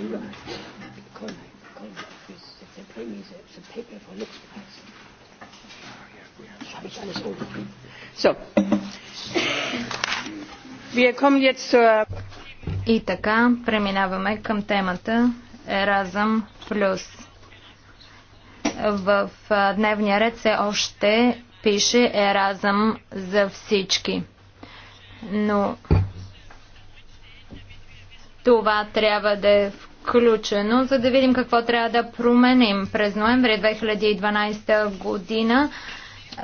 Colin, Colin, if they pay play it's a paper for looks So. Uh, И така, преминаваме към темата Еразъм Плюс. В дневния ред се още пише Еразъм за всички. Но това трябва да е в изключено, за да видим какво трябва да променим. През ноември 2012 година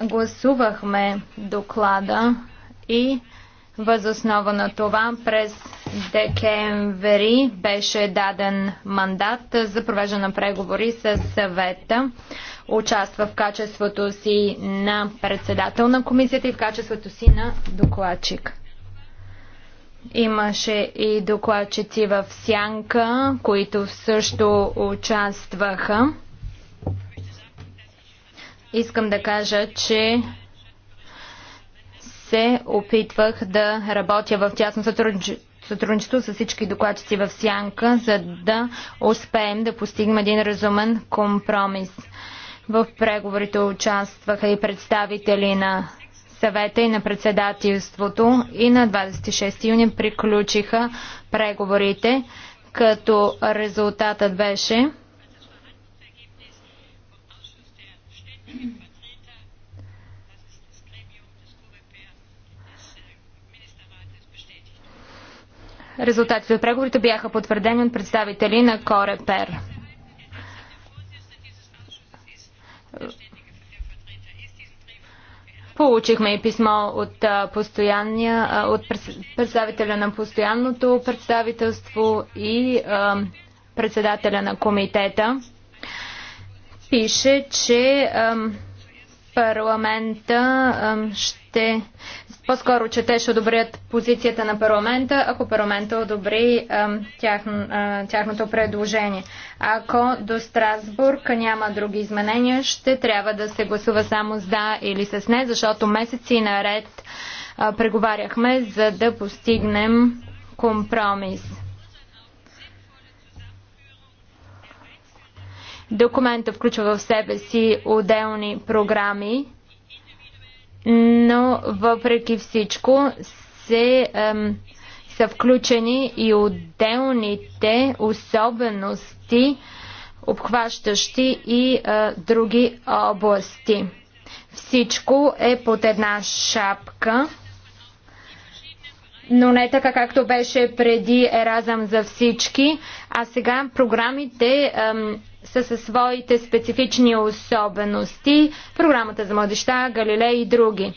гласувахме доклада и възоснова на това през декември беше даден мандат за провеждане на преговори с съвета. Участва в качеството си на председател на комисията и в качеството си на докладчик. Имаше и докладчици в Сянка, които също участваха. Искам да кажа, че се опитвах да работя в тясно сътрудничество с всички докладчици в Сянка, за да успеем да постигнем един разумен компромис. В преговорите участваха и представители на съвета и на председателството и на 26 юни приключиха преговорите, като резултатът беше Резултатите от преговорите бяха потвърдени от представители на Корепер. Получихме и писмо от, постоянния, от представителя на постоянното представителство и а, председателя на комитета. Пише, че а, парламента а, ще ще по-скоро, че те ще одобрят позицията на парламента, ако парламента одобри тяхно, тяхното предложение. Ако до Страсбург няма други изменения, ще трябва да се гласува само с да или с не, защото месеци наред преговаряхме, за да постигнем компромис. Документа включва в себе си отделни програми но въпреки всичко се, ем, са включени и отделните особености, обхващащи и е, други области. Всичко е под една шапка но не така както беше преди Еразъм за всички, а сега програмите ем, са със своите специфични особености, програмата за младеща, Галилей и други.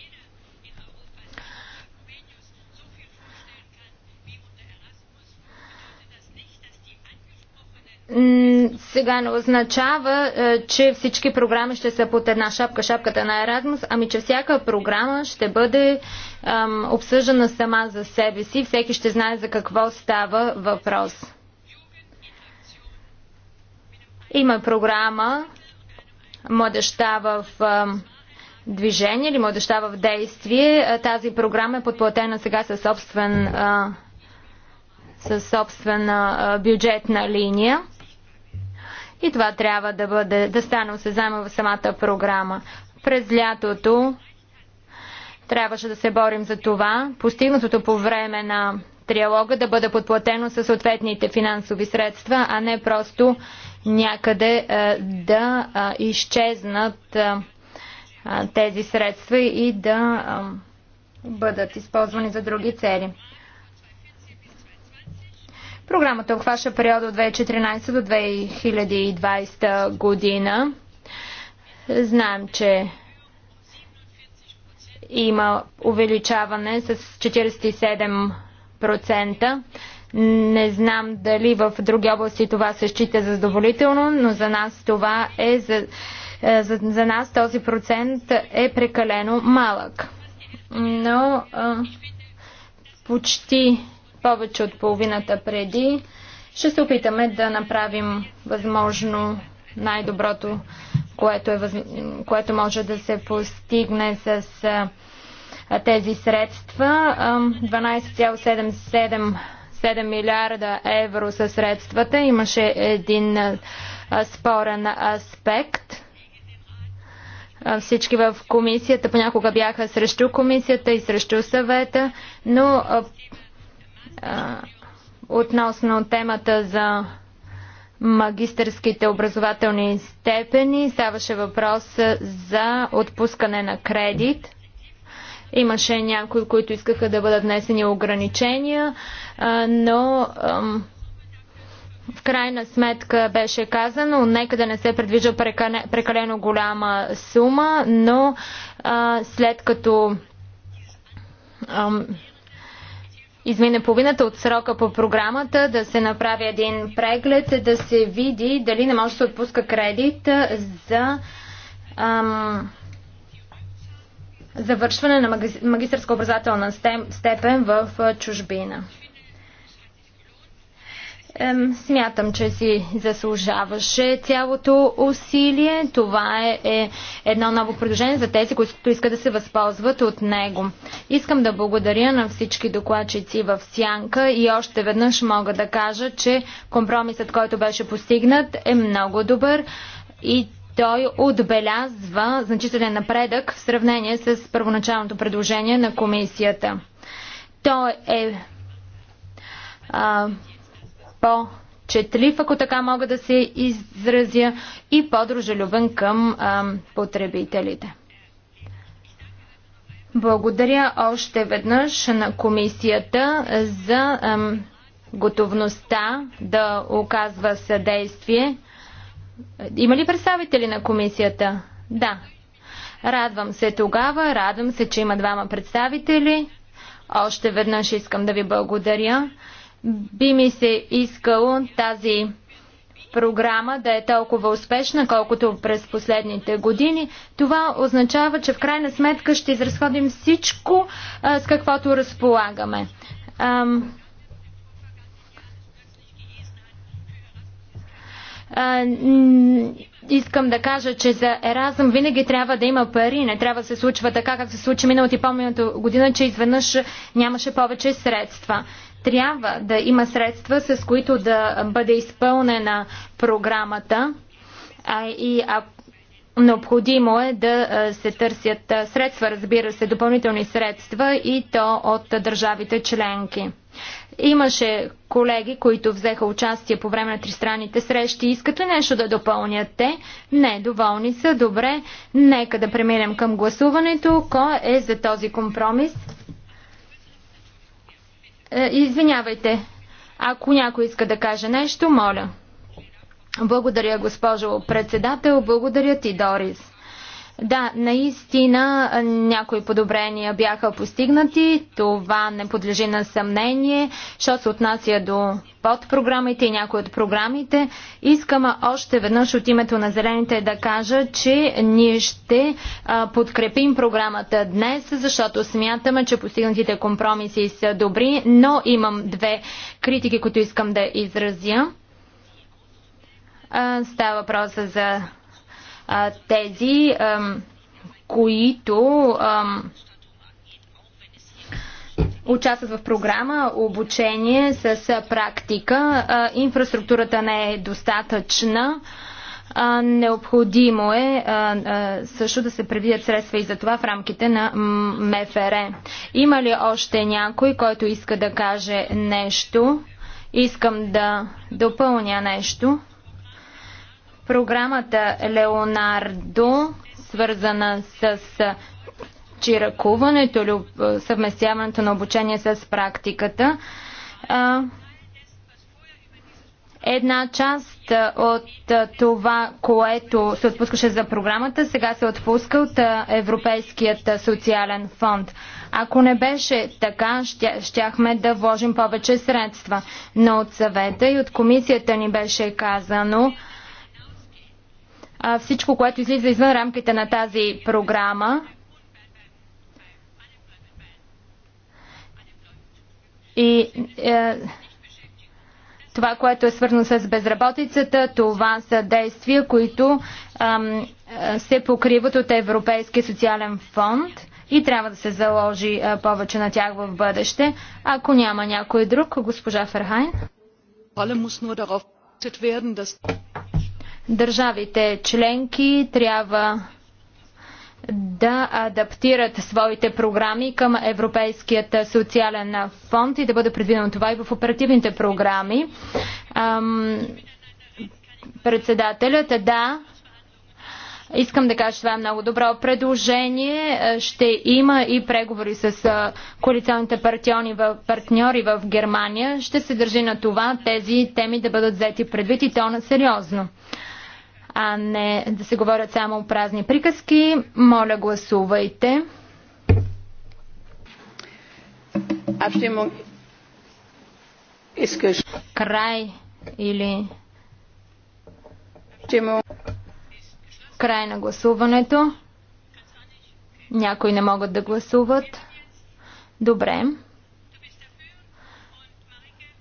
сега не означава, е, че всички програми ще са под една шапка, шапката на Еразмус, ами че всяка програма ще бъде ам, обсъждана сама за себе си, всеки ще знае за какво става въпрос. Има програма Младеща в движение или Младеща в действие. Тази програма е подплатена сега със собствен, със собствена бюджетна линия. И това трябва да, бъде, да стане осезаемо в самата програма. През лятото трябваше да се борим за това. Постигнатото по време на триалога да бъде подплатено със съответните финансови средства, а не просто някъде е, да е, изчезнат е, тези средства и да бъдат използвани за други цели. Програмата обхваща периода от 2014 до 2020 година. Знаем, че има увеличаване с 47 процента. Не знам дали в други области това се счита за задоволително, но за нас това е за, е, за, за нас този процент е прекалено малък. Но а, е, почти повече от половината преди ще се опитаме да направим възможно най-доброто, което, е, което може да се постигне с е, тези средства. 12,77 милиарда евро са средствата. Имаше един спорен аспект. Всички в комисията понякога бяха срещу комисията и срещу съвета, но относно темата за магистърските образователни степени ставаше въпрос за отпускане на кредит – Имаше някои, които искаха да бъдат внесени ограничения, но в крайна сметка беше казано, нека да не се предвижда прекалено голяма сума, но след като измине половината от срока по програмата, да се направи един преглед, да се види дали не може да се отпуска кредит за ам, завършване на магистърска образователна степен в чужбина. Смятам, че си заслужаваше цялото усилие. Това е, е едно ново предложение за тези, които искат да се възползват от него. Искам да благодаря на всички докладчици в Сянка и още веднъж мога да кажа, че компромисът, който беше постигнат е много добър и той отбелязва значителен напредък в сравнение с първоначалното предложение на комисията. Той е а, по четлив, ако така мога да се изразя, и по-дружелюбен към а, потребителите. Благодаря още веднъж на комисията за а, готовността да оказва съдействие има ли представители на комисията? Да. Радвам се тогава, радвам се, че има двама представители. Още веднъж искам да ви благодаря. Би ми се искало тази програма да е толкова успешна, колкото през последните години. Това означава, че в крайна сметка ще изразходим всичко, с каквото разполагаме. Ам, искам да кажа, че за Еразъм винаги трябва да има пари. Не трябва да се случва така, както се случи миналото и по миналото година, че изведнъж нямаше повече средства. Трябва да има средства, с които да бъде изпълнена програмата. А, и а, необходимо е да се търсят средства, разбира се, допълнителни средства и то от държавите членки. Имаше колеги, които взеха участие по време на тристранните срещи. Искат ли нещо да допълнят те? Не, доволни са. Добре, нека да преминем към гласуването. Кой е за този компромис? Е, извинявайте, ако някой иска да каже нещо, моля. Благодаря, госпожо председател. Благодаря ти, Дорис. Да, наистина някои подобрения бяха постигнати. Това не подлежи на съмнение, що се отнася до подпрограмите и някои от програмите. Искам още веднъж от името на Зелените да кажа, че ние ще подкрепим програмата днес, защото смятаме, че постигнатите компромиси са добри, но имам две критики, които искам да изразя. Става въпроса за тези, които участват в програма, обучение с практика. инфраструктурата не е достатъчна. необходимо е също да се предвидят средства и за това в рамките на МФР. Има ли още някой, който иска да каже нещо? Искам да допълня нещо. Програмата Леонардо, свързана с чиракуването или съвместяването на обучение с практиката, една част от това, което се отпускаше за програмата, сега се отпуска от Европейският социален фонд. Ако не беше така, щяхме да вложим повече средства. Но от съвета и от комисията ни беше казано, а, всичко, което излиза извън рамките на тази програма. И е, това, което е свързано с безработицата, това са действия, които ам, се покриват от Европейския социален фонд и трябва да се заложи а, е, повече на тях в бъдеще. Ако няма някой друг, госпожа Ферхайн. Държавите членки трябва да адаптират своите програми към Европейският социален фонд и да бъде предвидено това и в оперативните програми. Председателят, да, Искам да кажа, това е много добро предложение. Ще има и преговори с коалиционните партньори в Германия. Ще се държи на това тези теми да бъдат взети предвид и то на сериозно а не да се говорят само празни приказки. Моля, гласувайте. Искаш. Край или. Край на гласуването. Някои не могат да гласуват. Добре.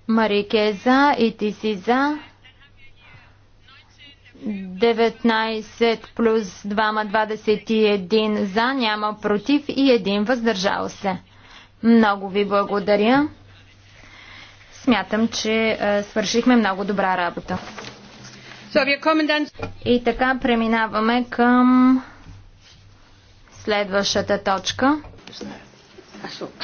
Марике за и ти си за. 19 плюс 2, 21 за, няма против и един въздържал се. Много ви благодаря. Смятам, че е, свършихме много добра работа. И така преминаваме към следващата точка.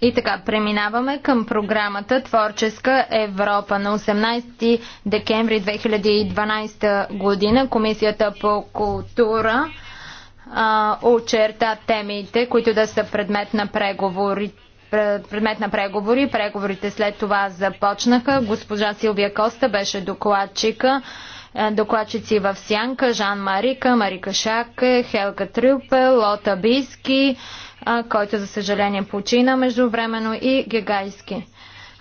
и така, преминаваме към програмата Творческа Европа. На 18 декември 2012 година Комисията по култура а, очерта темите, които да са предмет на преговори. Предмет на преговори. Преговорите след това започнаха. Госпожа Силвия Коста беше докладчика. Е, докладчици в Сянка, Жан Марика, Марика Шаке, Хелка Трюпел, Лота Биски, е, който за съжаление почина междувременно и Гегайски.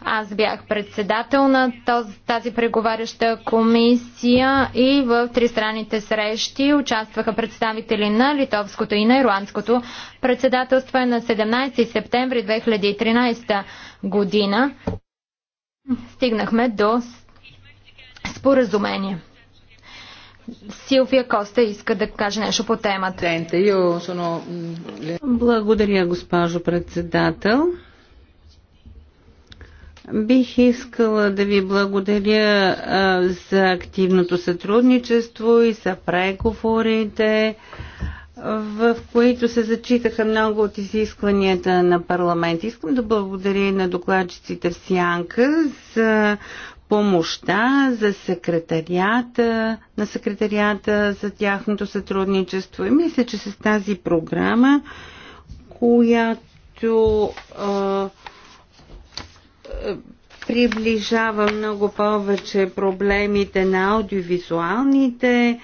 Аз бях председател на тази преговаряща комисия и в тристранните срещи участваха представители на литовското и на ирландското председателство на 17 септември 2013 година. Стигнахме до споразумение. Силвия Коста иска да каже нещо по темата. Mm, благодаря, госпожо председател. Бих искала да ви благодаря а, за активното сътрудничество и за преговорите, в които се зачитаха много от изискванията на парламент. Искам да благодаря и на докладчиците в Сянка за помощта за секретарията, на секретарията за тяхното сътрудничество. И мисля, че с тази програма, която а, приближава много повече проблемите на аудиовизуалните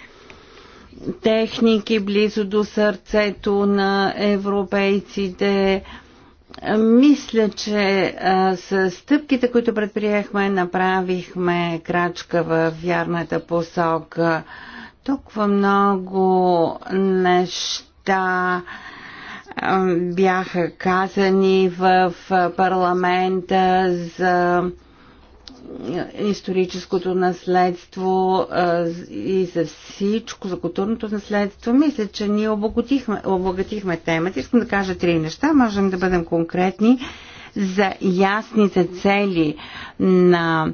техники близо до сърцето на европейците, мисля, че с стъпките, които предприехме, направихме крачка в вярната посока. Толкова много неща бяха казани в парламента за историческото наследство и за всичко, за културното наследство. Мисля, че ние обогатихме, обогатихме темата. Искам да кажа три неща. Можем да бъдем конкретни за ясните цели на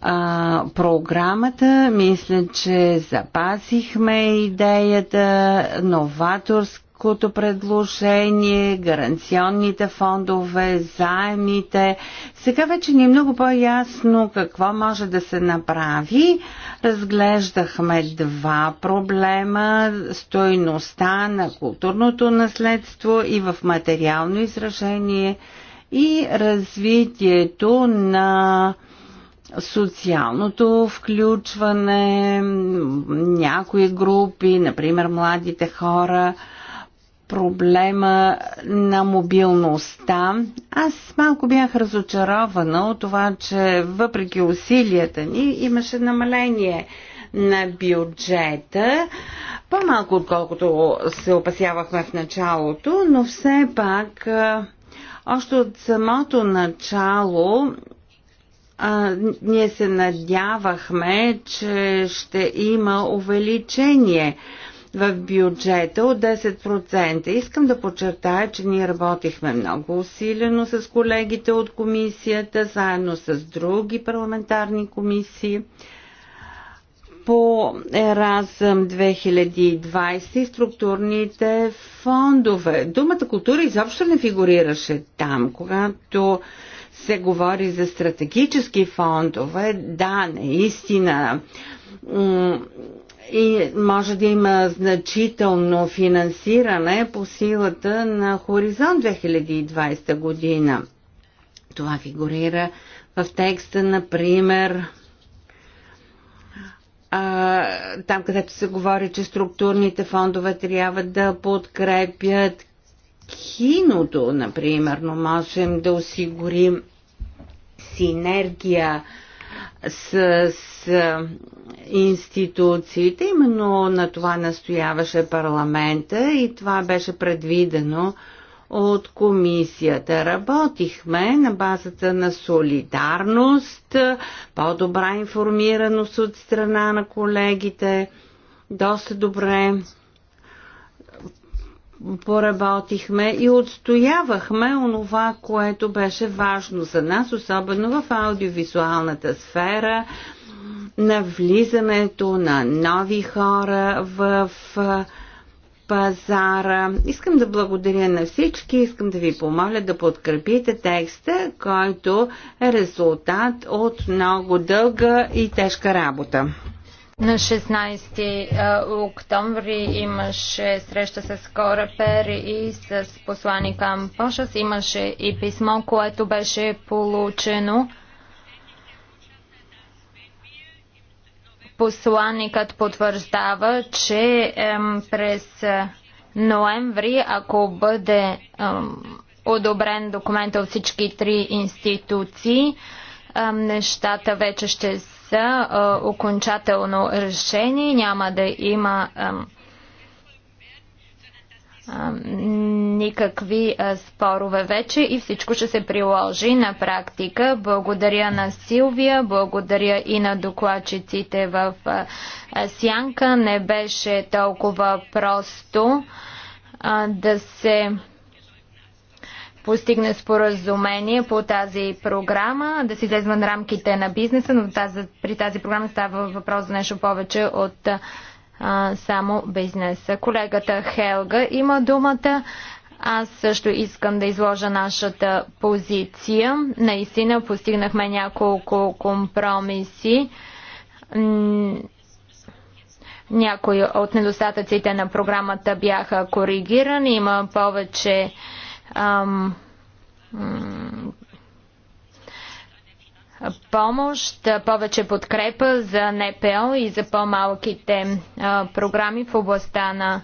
а, програмата. Мисля, че запазихме идеята новаторски банковското предложение, гаранционните фондове, заемите. Сега вече ни е много по-ясно какво може да се направи. Разглеждахме два проблема стойността на културното наследство и в материално изражение и развитието на социалното включване, някои групи, например младите хора – проблема на мобилността. Аз малко бях разочарована от това, че въпреки усилията ни имаше намаление на бюджета, по-малко отколкото се опасявахме в началото, но все пак още от самото начало а, ние се надявахме, че ще има увеличение в бюджета от 10%. Искам да подчертая, че ние работихме много усилено с колегите от комисията, заедно с други парламентарни комисии по Еразъм 2020 и структурните фондове. Думата култура изобщо не фигурираше там, когато се говори за стратегически фондове. Да, наистина и може да има значително финансиране по силата на Хоризонт 2020 година. Това фигурира в текста, например, там където се говори, че структурните фондове трябва да подкрепят киното, например, но можем да осигурим синергия с, с институциите. Именно на това настояваше парламента и това беше предвидено от комисията. Работихме на базата на солидарност, по-добра информираност от страна на колегите, доста добре поработихме и отстоявахме онова, което беше важно за нас, особено в аудиовизуалната сфера, на влизането на нови хора в пазара. Искам да благодаря на всички, искам да ви помоля да подкрепите текста, който е резултат от много дълга и тежка работа. На 16 октомври имаше среща с Кора Пери и с посланика Пошас. Имаше и писмо, което беше получено Посланникът потвърждава, че през е, ноември, ако бъде одобрен документ от всички три институции, нещата вече ще са е, окончателно решени, няма да има никакви спорове вече и всичко ще се приложи на практика. Благодаря на Силвия, благодаря и на докладчиците в Сянка. Не беше толкова просто да се постигне споразумение по тази програма, да си излезе на рамките на бизнеса, но тази, при тази програма става въпрос за нещо повече от а, само бизнеса. Колегата Хелга има думата. Аз също искам да изложа нашата позиция. Наистина постигнахме няколко компромиси. Някои от недостатъците на програмата бяха коригирани. Има повече ам, помощ, повече подкрепа за НПО и за по-малките програми в областта на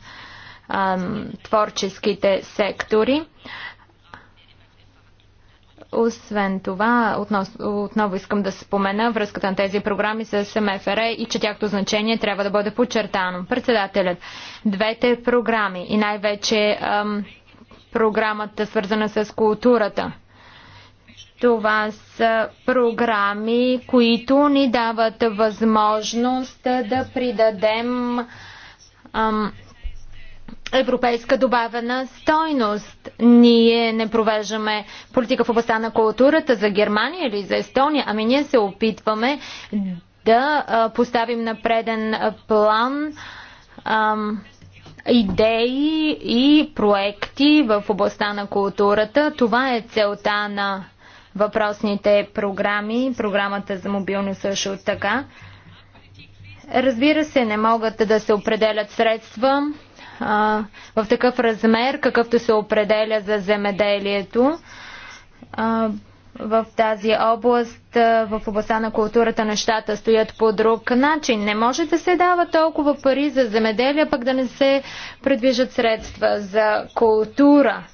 творческите сектори. Освен това, отново, отново искам да спомена връзката на тези програми с МФР и че тяхто значение трябва да бъде подчертано. Председателят, двете програми и най-вече програмата свързана с културата това са програми, които ни дават възможност да придадем ам, европейска добавена стойност. Ние не провеждаме политика в областта на културата за Германия или за Естония, ами ние се опитваме да поставим на преден план ам, идеи и проекти в областта на културата. Това е целта на въпросните програми, програмата за мобилно също е така. Разбира се, не могат да се определят средства а, в такъв размер, какъвто се определя за земеделието. А, в тази област, в областта на културата, нещата стоят по друг начин. Не може да се дава толкова пари за земеделие, пък да не се предвижат средства за култура.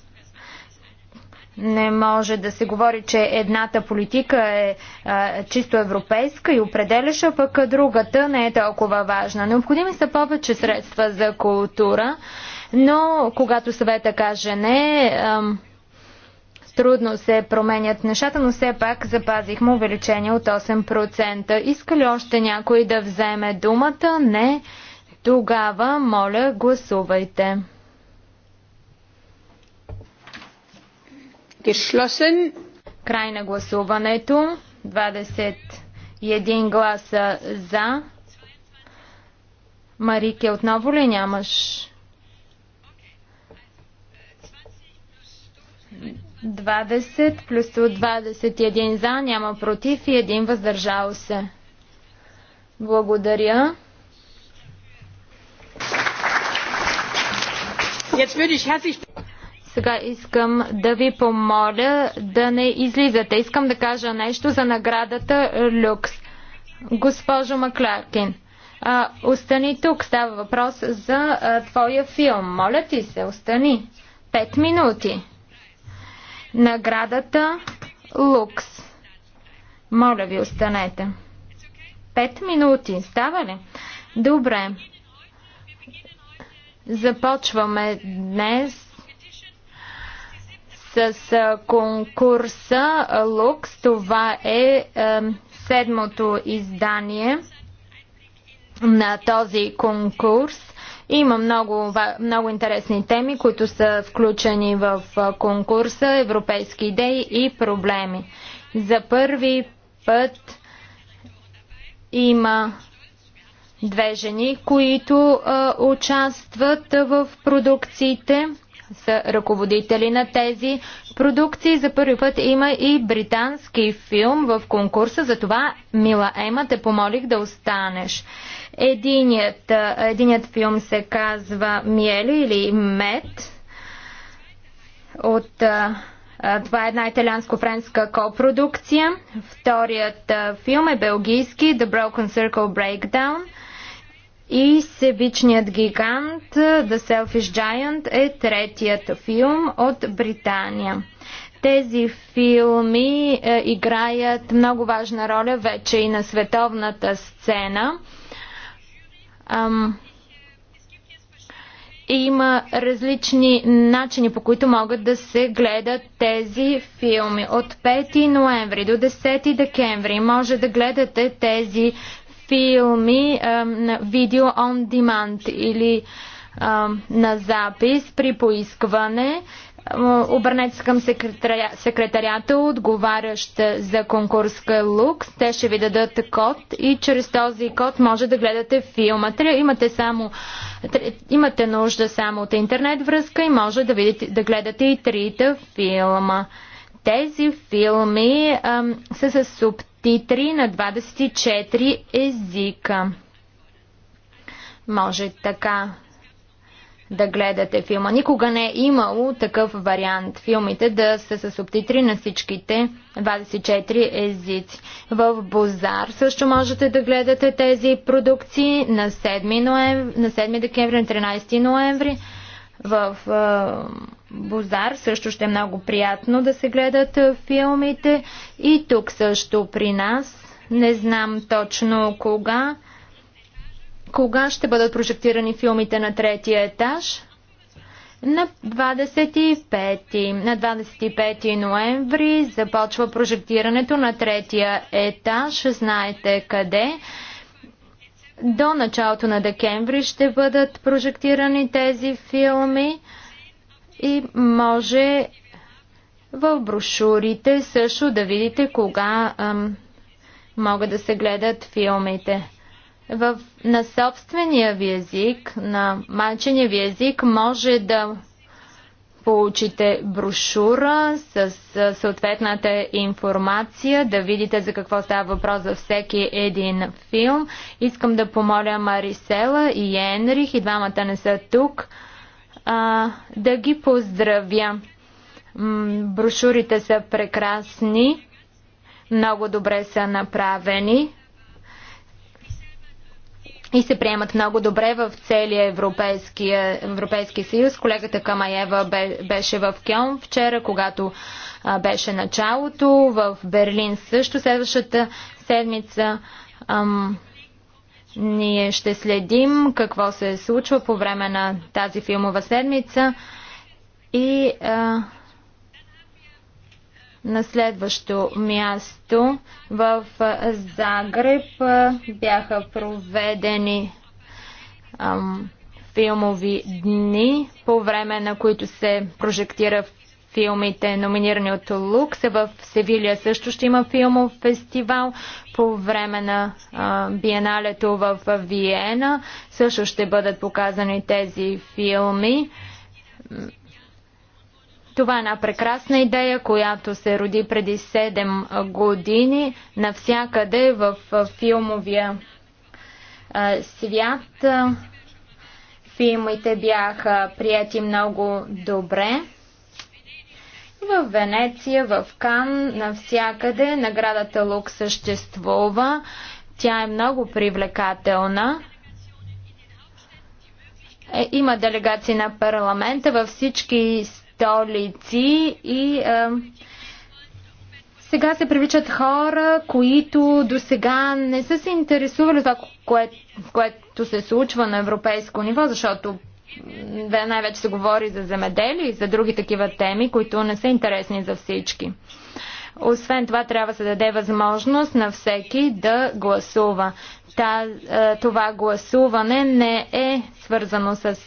Не може да се говори, че едната политика е а, е, чисто европейска и определяща, пък другата не е толкова важна. Необходими са повече средства за култура, но когато съвета каже не, а, трудно се променят нещата, но все пак запазихме увеличение от 8%. Иска ли още някой да вземе думата? Не. Тогава, моля, гласувайте. Geschlossen. Край на гласуването. 21 гласа за. Марике, отново ли нямаш? 20 плюс 21 за, няма против и един въздържал се. Благодаря. Сега искам да ви помоля да не излизате. Искам да кажа нещо за наградата Люкс. Госпожо Макларкин, а, остани тук. Става въпрос за а, твоя филм. Моля ти се, остани. Пет минути. Наградата Лукс. Моля ви, останете. Пет минути. Става ли? Добре. Започваме днес с конкурса Лукс. Това е седмото издание на този конкурс. Има много, много интересни теми, които са включени в конкурса Европейски идеи и проблеми. За първи път има две жени, които а, участват в продукциите са ръководители на тези продукции. За първи път има и британски филм в конкурса, затова, мила Ема, те помолих да останеш. Единият, единият филм се казва Миели или Мед. От, това е една италианско-френска копродукция. Вторият филм е белгийски The Broken Circle Breakdown – и Себичният гигант The Selfish Giant е третият филм от Британия. Тези филми е, играят много важна роля вече и на световната сцена. Ам, има различни начини, по които могат да се гледат тези филми. От 5 ноември до 10 декември може да гледате тези филми на видео он demand или на запис при поискване. Обърнете се към секретаря, секретарята, отговарящ за конкурска лукс. Те ще ви дадат код и чрез този код може да гледате филма. Имате, само, имате нужда само от интернет връзка и може да, видите, да гледате и трите филма. Тези филми ам, са с субтитри 23 на 24 езика. Може така да гледате филма. Никога не е имало такъв вариант филмите да са с субтитри на всичките 24 езици. В Бозар също можете да гледате тези продукции на 7, ноември, на 7 декември, на 13 ноември в Бозар. Също ще е много приятно да се гледат филмите. И тук също при нас. Не знам точно кога. Кога ще бъдат прожектирани филмите на третия етаж? На 25, на 25 ноември започва прожектирането на третия етаж. Знаете къде. До началото на декември ще бъдат прожектирани тези филми и може в брошурите също да видите кога ам, могат да се гледат филмите. В, на собствения ви език, на мачения ви език, може да получите брошура с съответната информация, да видите за какво става въпрос за всеки един филм. Искам да помоля Марисела и Енрих, и двамата не са тук, а, да ги поздравя. Брошурите са прекрасни, много добре са направени и се приемат много добре в целия Европейския, Европейски съюз. Колегата Камаева беше в Кьон вчера, когато беше началото. В Берлин също следващата седмица ам, ние ще следим какво се случва по време на тази филмова седмица и а, на следващо място в Загреб бяха проведени ам, филмови дни, по време на които се прожектира филмите, номинирани от Лукс. В Севилия също ще има филмов фестивал. По време на а, биеналето в Виена също ще бъдат показани тези филми. Това е една прекрасна идея, която се роди преди 7 години навсякъде в филмовия свят. Филмите бяха прияти много добре. В Венеция, в Кан, навсякъде наградата Лук съществува. Тя е много привлекателна. Е, има делегации на парламента във всички страни столици и а, сега се привличат хора, които до сега не са се интересували това, кое, което се случва на европейско ниво, защото най-вече се говори за земеделие и за други такива теми, които не са интересни за всички. Освен това, трябва да се даде възможност на всеки да гласува. Та, това гласуване не е свързано с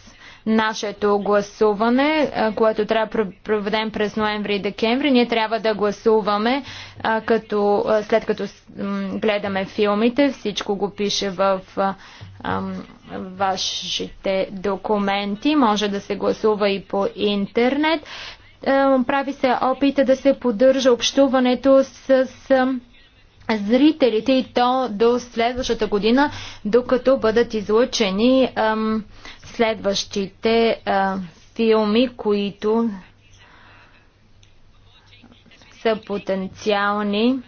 нашето гласуване, е, което трябва да проведем през ноември и декември. Ние трябва да гласуваме, е, като, е, след като гледаме филмите. Всичко го пише в вашите документи. Може да се гласува и по интернет. Прави се опита да се поддържа общуването с зрителите и то до следващата година, докато бъдат излъчени ам, следващите а, филми, които са потенциални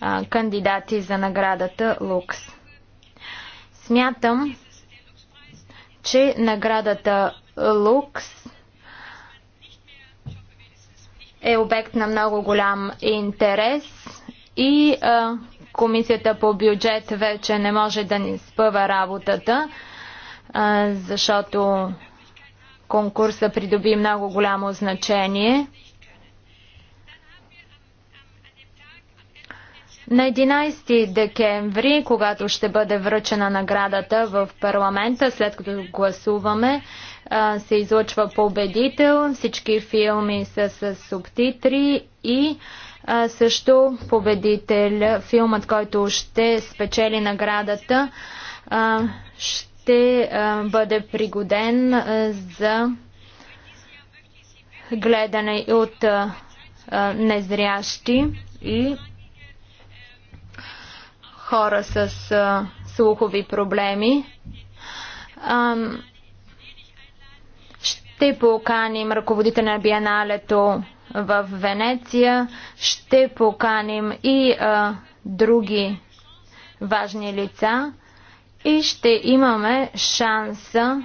а, кандидати за наградата Лукс. Смятам, че наградата Лукс е обект на много голям интерес и а, Комисията по бюджет вече не може да ни спъва работата защото конкурса придоби много голямо значение. На 11 декември, когато ще бъде връчена наградата в парламента, след като гласуваме, се излъчва победител. Всички филми са с субтитри и също победител, филмът, който ще спечели наградата, ще ще бъде пригоден за гледане от незрящи и хора с слухови проблеми. Ще поканим ръководителя на биеналето в Венеция, ще поканим и а, други важни лица и ще имаме шанса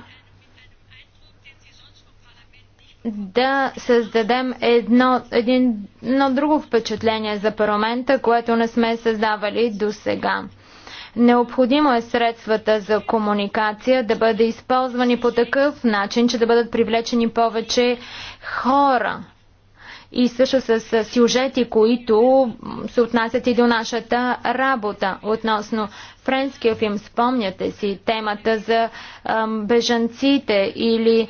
да създадем едно, един, едно друго впечатление за парламента, което не сме създавали до сега. Необходимо е средствата за комуникация да бъде използвани по такъв начин, че да бъдат привлечени повече хора и също с сюжети, които се отнасят и до нашата работа. Относно френския филм, спомняте си темата за бежанците или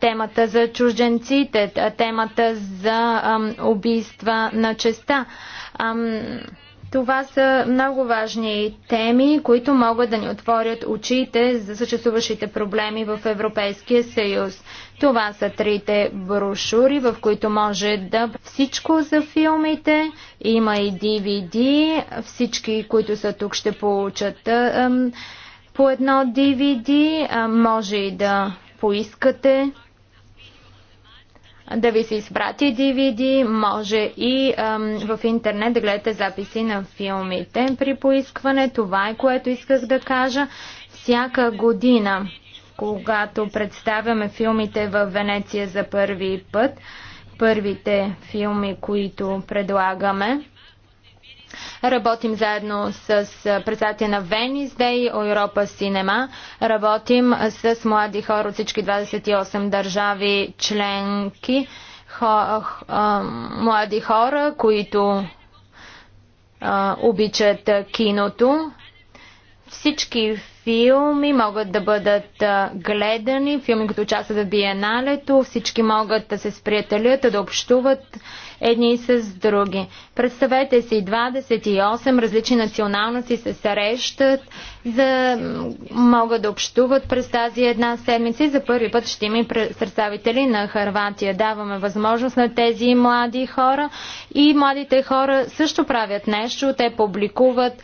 темата за чужденците, темата за убийства на честа. Това са много важни теми, които могат да ни отворят очите за съществуващите проблеми в Европейския съюз. Това са трите брошури, в които може да всичко за филмите. Има и DVD. Всички, които са тук, ще получат по едно DVD. Може и да поискате да ви се изпрати DVD, може и ам, в интернет да гледате записи на филмите при поискване. Това е което исках да кажа. Всяка година, когато представяме филмите в Венеция за първи път, първите филми, които предлагаме, Работим заедно с председателя на Venice Day, Европа Cinema. Работим с млади хора от всички 28 държави членки. Хо, а, млади хора, които а, обичат киното. Всички филми могат да бъдат гледани, филми като участват в Биеналето, всички могат да се сприятелят, да общуват едни с други. Представете си, 28 различни националности се срещат, за, могат да общуват през тази една седмица и за първи път ще има представители на Харватия. Даваме възможност на тези млади хора и младите хора също правят нещо. Те публикуват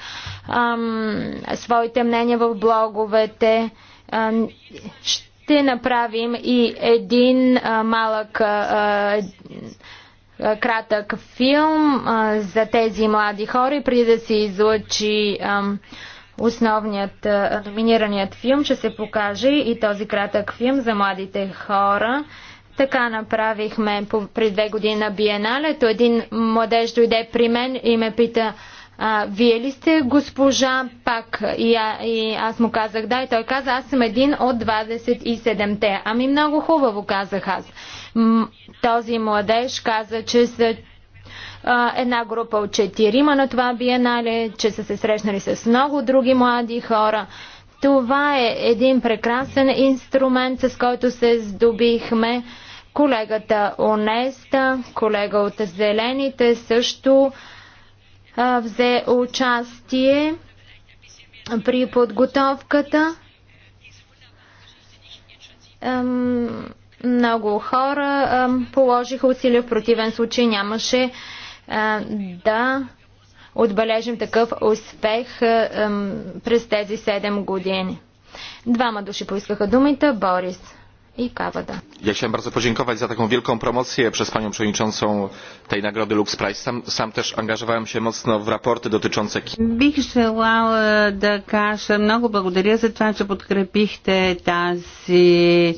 ам, своите мнения в блоговете. Ам, ще направим и един а, малък а, е, кратък филм е, за тези млади хора и преди да се излъчи е, основният номинираният филм, ще се покаже и този кратък филм за младите хора. Така направихме при две години на Биеналето. Един младеж дойде при мен и ме пита а, вие ли сте госпожа пак? И, а, и аз му казах да и той каза аз съм един от 27-те. Ами много хубаво казах аз. Този младеж каза, че са една група от четирима на това биенале, че са се срещнали с много други млади хора. Това е един прекрасен инструмент, с който се здобихме. Колегата Онеста, колега от Зелените също а, взе участие при подготовката. Ам много хора положиха усилия, в противен случай нямаше да отбележим такъв успех през тези 7 години. Двама души поискаха думите. Борис i Я Ja chciałem bardzo podziękować za taką wielką promocję przez panią przewodniczącą tej nagrody Lux Prize. Sam, sam też angażowałem się mocno w raporty dotyczące Бих желала да кажа много благодаря за това, че подкрепихте тази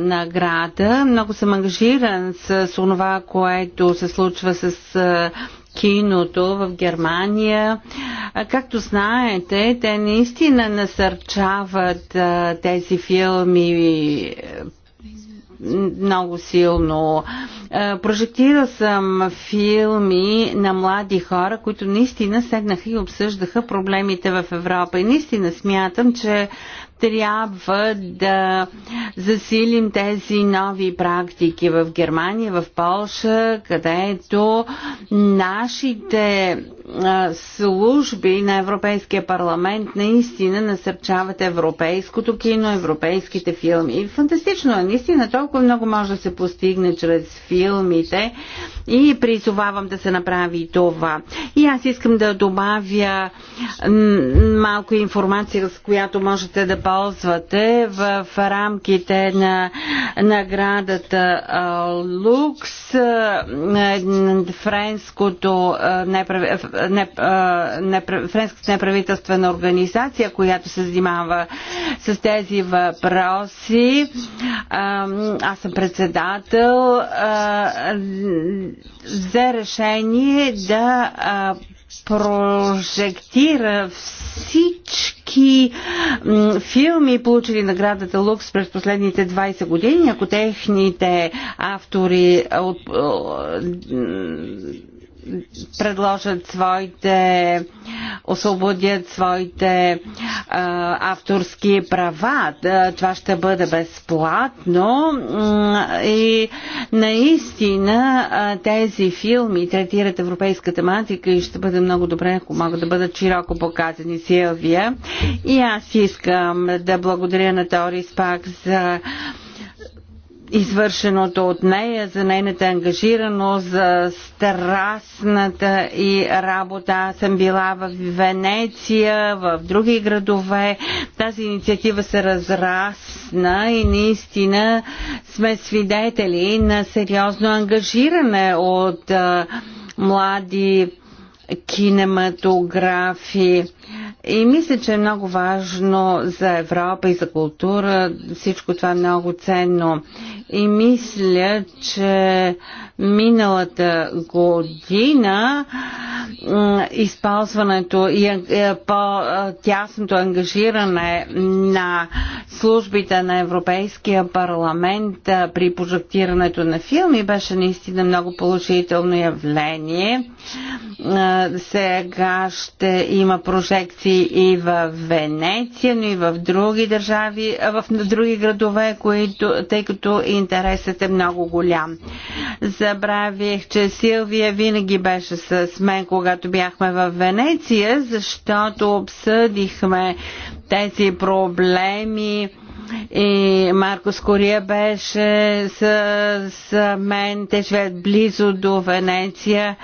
награда. Много съм ангажиран с, с това, което се случва с а, киното в Германия. А, както знаете, те наистина насърчават а, тези филми много силно. Прожектирал съм филми на млади хора, които наистина седнаха и обсъждаха проблемите в Европа. И наистина смятам, че трябва да засилим тези нови практики в Германия, в Полша, където нашите служби на Европейския парламент наистина насърчават европейското кино, европейските филми. И фантастично е, наистина толкова много може да се постигне чрез филмите и призовавам да се направи това. И аз искам да добавя малко информация, с която можете да ползвате в рамките на наградата Лукс, френското, неправ... не, френската неправителствена организация, която се занимава с тези въпроси. Аз съм председател за решение да прожектира всички филми, получили наградата Лукс през последните 20 години, ако техните автори от, предложат своите, освободят своите а, авторски права. Това ще бъде безплатно и наистина тези филми третират европейска тематика и ще бъде много добре, ако могат да бъдат широко показани Силвия. И аз искам да благодаря на Торис пак за извършеното от нея, за нейната ангажираност, за страстната и работа. Аз съм била в Венеция, в други градове. Тази инициатива се разрасна и наистина сме свидетели на сериозно ангажиране от млади кинематографи. И мисля, че е много важно за Европа и за култура. Всичко това е много ценно. И мисля, че миналата година използването и е, е, по-тясното ангажиране на службите на Европейския парламент е, при прожектирането на филми беше наистина много положително явление. Сега ще има прожект секции и в Венеция, но и в други държави, в други градове, които, тъй като интересът е много голям. Забравих, че Силвия винаги беше с мен, когато бяхме в Венеция, защото обсъдихме тези проблеми. И Маркос Кория беше с, с мен, те живеят близо до Венеция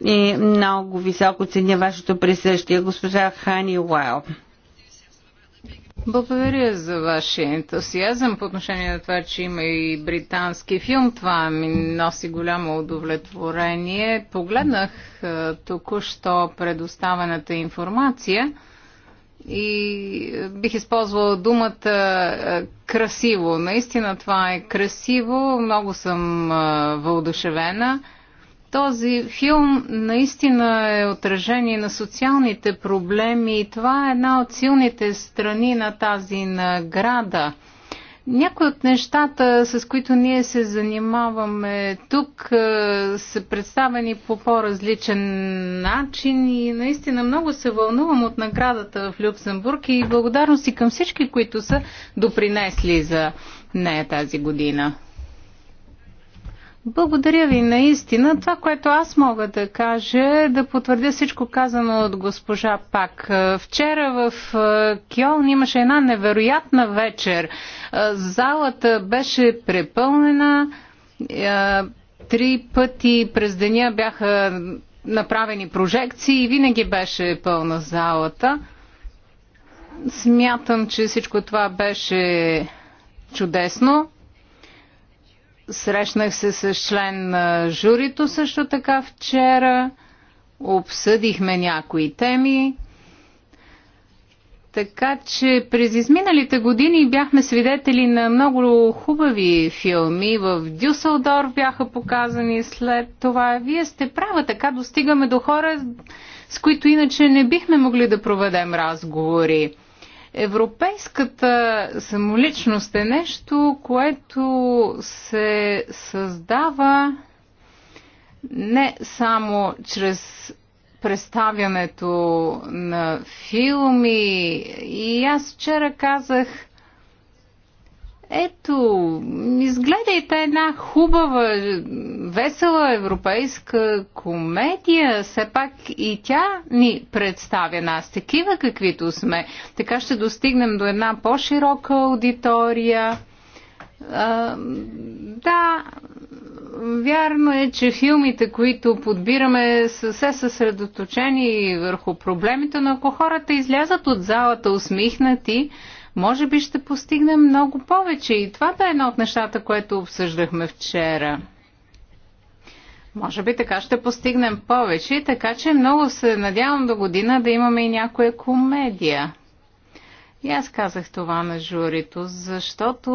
и много високо ценя вашето присъщие, госпожа Хани Уайл. Благодаря за вашия ентусиазъм по отношение на това, че има и британски филм. Това ми носи голямо удовлетворение. Погледнах е, току-що предоставената информация и е, бих използвала думата е, красиво. Наистина това е красиво. Много съм въодушевена този филм наистина е отражение на социалните проблеми и това е една от силните страни на тази награда. Някои от нещата, с които ние се занимаваме тук, е, са представени по по-различен начин и наистина много се вълнувам от наградата в Люксембург и благодарности към всички, които са допринесли за нея тази година. Благодаря ви наистина. Това, което аз мога да кажа е да потвърдя всичко казано от госпожа Пак. Е, вчера в е, Кьолн имаше една невероятна вечер. Е, залата беше препълнена. Три пъти през деня бяха направени прожекции и винаги беше пълна залата. Смятам, че всичко това беше чудесно. Срещнах се с член на журито също така вчера. Обсъдихме някои теми. Така че през изминалите години бяхме свидетели на много хубави филми. В Дюсселдорф бяха показани след това. Вие сте права, така достигаме до хора, с които иначе не бихме могли да проведем разговори. Европейската самоличност е нещо, което се създава не само чрез представянето на филми. И аз вчера казах, ето, изгледайте една хубава, весела европейска комедия. Все пак и тя ни представя нас такива, каквито сме. Така ще достигнем до една по-широка аудитория. А, да, вярно е, че филмите, които подбираме, са се съсредоточени върху проблемите, но ако хората излязат от залата усмихнати, може би ще постигнем много повече. И това бе е едно от нещата, което обсъждахме вчера. Може би така ще постигнем повече, така че много се надявам до година да имаме и някоя комедия. И аз казах това на журито, защото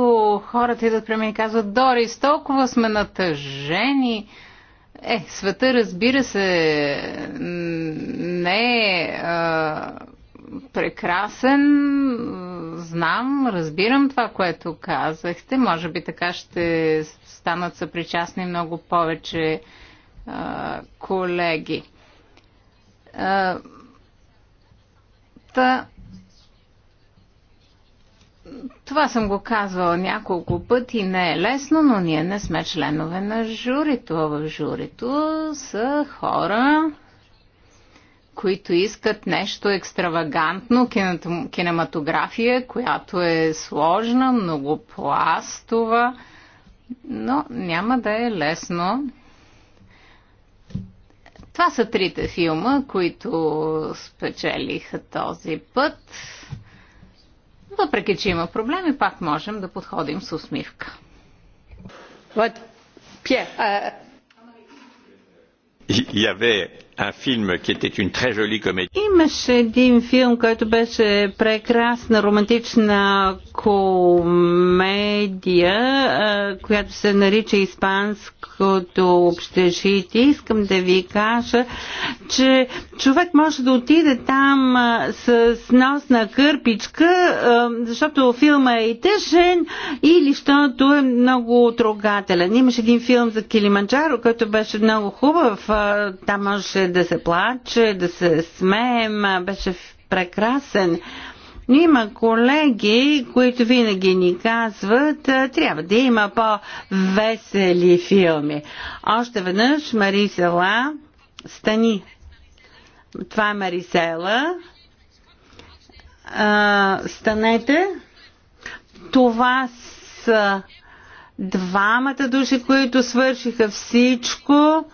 хората идват при мен и казват, Дорис, толкова сме натъжени. Е, света, разбира се, не е прекрасен. Знам, разбирам това, което казахте. Може би така ще станат съпричастни много повече а, колеги. А, та, това съм го казвала няколко пъти. Не е лесно, но ние не сме членове на журито. В журито са хора, които искат нещо екстравагантно, кинематография, която е сложна, многопластова, но няма да е лесно. Това са трите филма, които спечелиха този път. Въпреки, че има проблеми, пак можем да подходим с усмивка. Вот, Пьер, uh... Il Имаше един филм, който беше прекрасна романтична комедия, която се нарича Испанското общежитие. Искам да ви кажа, че човек може да отиде там с носна кърпичка, защото филма е и тъжен, или защото е много трогателен. Имаше един филм за Килиманджаро, който беше много хубав. Там можеше да се плаче, да се смеем, беше прекрасен. Има колеги, които винаги ни казват, трябва да има по-весели филми. Още веднъж Марисела стани. Това е Марисела. А, станете. Това са двамата души, които свършиха всичко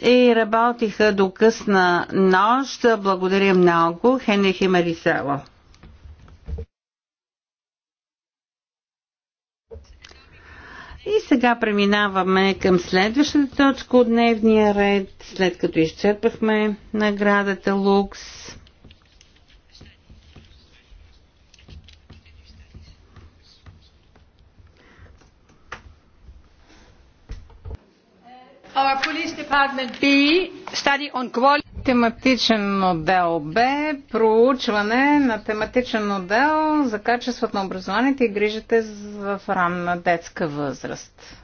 и работиха до късна нощ. Благодаря много. Хенрих и Марисело. И сега преминаваме към следващата точка от дневния ред, след като изчерпахме наградата Лукс. Тематичен модел Б проучване на тематичен модел за качеството на образованието и грижите в ранна детска възраст.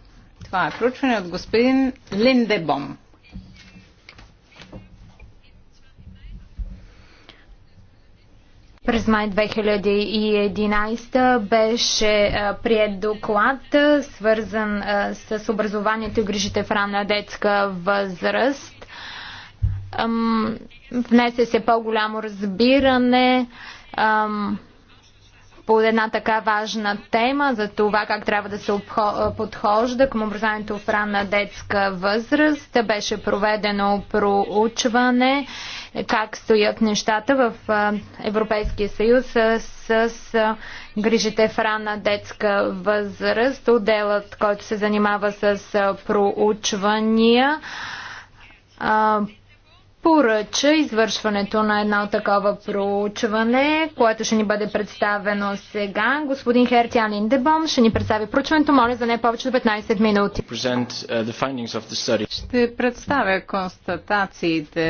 Това е проучване от господин Линдебом. През май 2011 беше прият доклад, свързан с образованието и грижите в ранна детска възраст. Внесе се по-голямо разбиране по една така важна тема за това как трябва да се подхожда към образованието в ранна детска възраст. Беше проведено проучване как стоят нещата в Европейския съюз с, с грижите в ранна детска възраст. Отделът, който се занимава с проучвания, поръча извършването на едно такова проучване, което ще ни бъде представено сега. Господин Хертиан Индебом ще ни представи проучването, моля за не повече от 15 минути. Uh, ще представя констатациите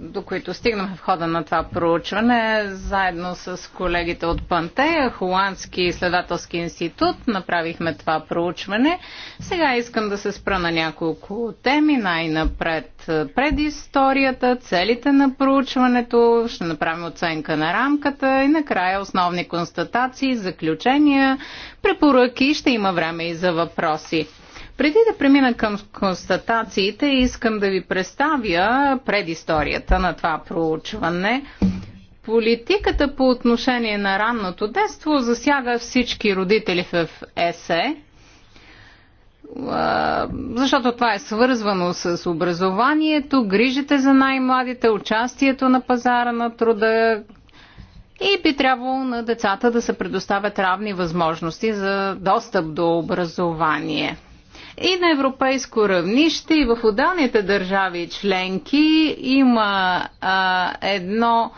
до които стигнахме в хода на това проучване, заедно с колегите от Пантея, Холандски изследователски институт, направихме това проучване. Сега искам да се спра на няколко теми. Най-напред е, предисторията, целите на проучването, ще направим оценка на рамката и накрая основни констатации, заключения, препоръки. Ще има време и за въпроси. Преди да премина към констатациите, искам да ви представя предисторията на това проучване. Политиката по отношение на ранното детство засяга всички родители в ЕСЕ, защото това е свързвано с образованието, грижите за най-младите, участието на пазара на труда и би трябвало на децата да се предоставят равни възможности за достъп до образование. И на европейско равнище и в отделните държави членки има а, едно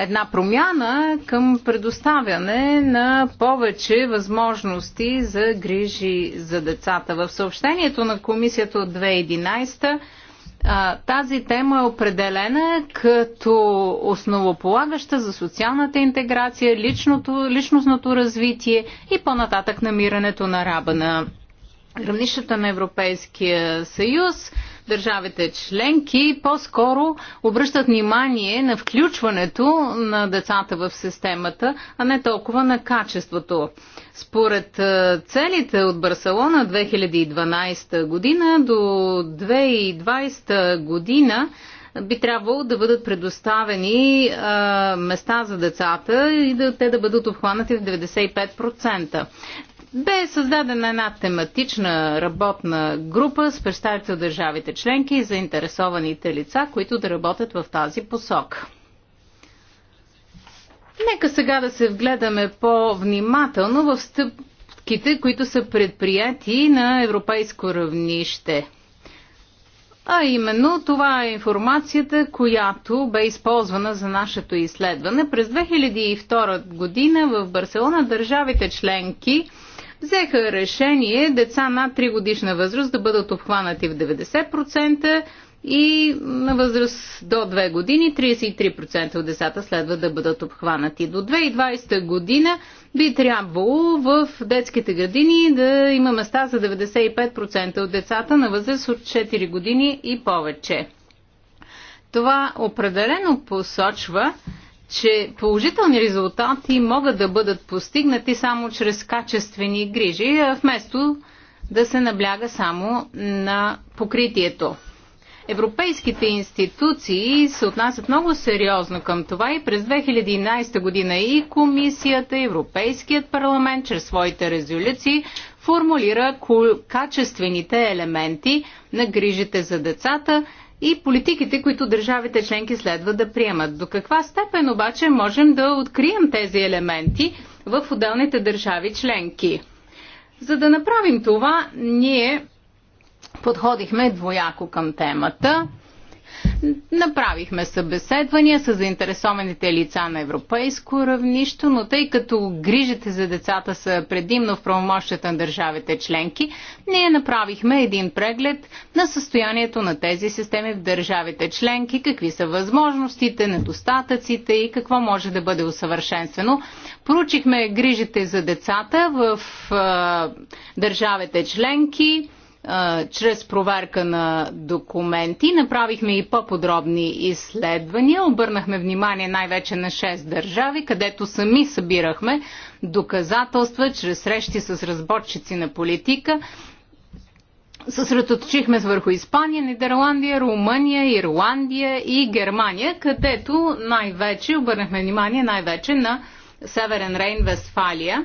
една промяна към предоставяне на повече възможности за грижи за децата. В съобщението на комисията от 2011 тази тема е определена като основополагаща за социалната интеграция, личното, личностното развитие и по-нататък намирането на раба на равнищата на Европейския съюз, държавите членки по-скоро обръщат внимание на включването на децата в системата, а не толкова на качеството. Според е, целите от Барселона 2012 година до 2020 година би трябвало да бъдат предоставени а, е, места за децата и да, те да бъдат обхванати в 95%. Бе създадена една тематична работна група с представител държавите членки и заинтересованите лица, които да работят в тази посока. Нека сега да се вгледаме по-внимателно в стъпките, които са предприяти на европейско равнище. А именно това е информацията, която бе използвана за нашето изследване. През 2002 година в Барселона държавите членки взеха решение деца на 3 годишна възраст да бъдат обхванати в 90% и на възраст до 2 години 33% от децата следва да бъдат обхванати. До 2020 година би трябвало в детските градини да има места за 95% от децата на възраст от 4 години и повече. Това определено посочва, че положителни резултати могат да бъдат постигнати само чрез качествени грижи, вместо да се набляга само на покритието. Европейските институции се отнасят много сериозно към това и през 2011 година и комисията, и Европейският парламент чрез своите резолюции формулира качествените елементи на грижите за децата и политиките, които държавите членки следва да приемат. До каква степен обаче можем да открием тези елементи в отделните държави членки? За да направим това, ние подходихме двояко към темата. Направихме събеседвания с заинтересованите лица на европейско равнище, но тъй като грижите за децата са предимно в правомощията на държавите членки, ние направихме един преглед на състоянието на тези системи в държавите членки, какви са възможностите, недостатъците и какво може да бъде усъвършенствено. Поручихме грижите за децата в е, държавите членки чрез проверка на документи. Направихме и по-подробни изследвания. Обърнахме внимание най-вече на 6 държави, където сами събирахме доказателства чрез срещи с разборчици на политика. Съсредоточихме върху Испания, Нидерландия, Румъния, Ирландия и Германия, където най-вече обърнахме внимание най-вече на Северен Рейн, Вестфалия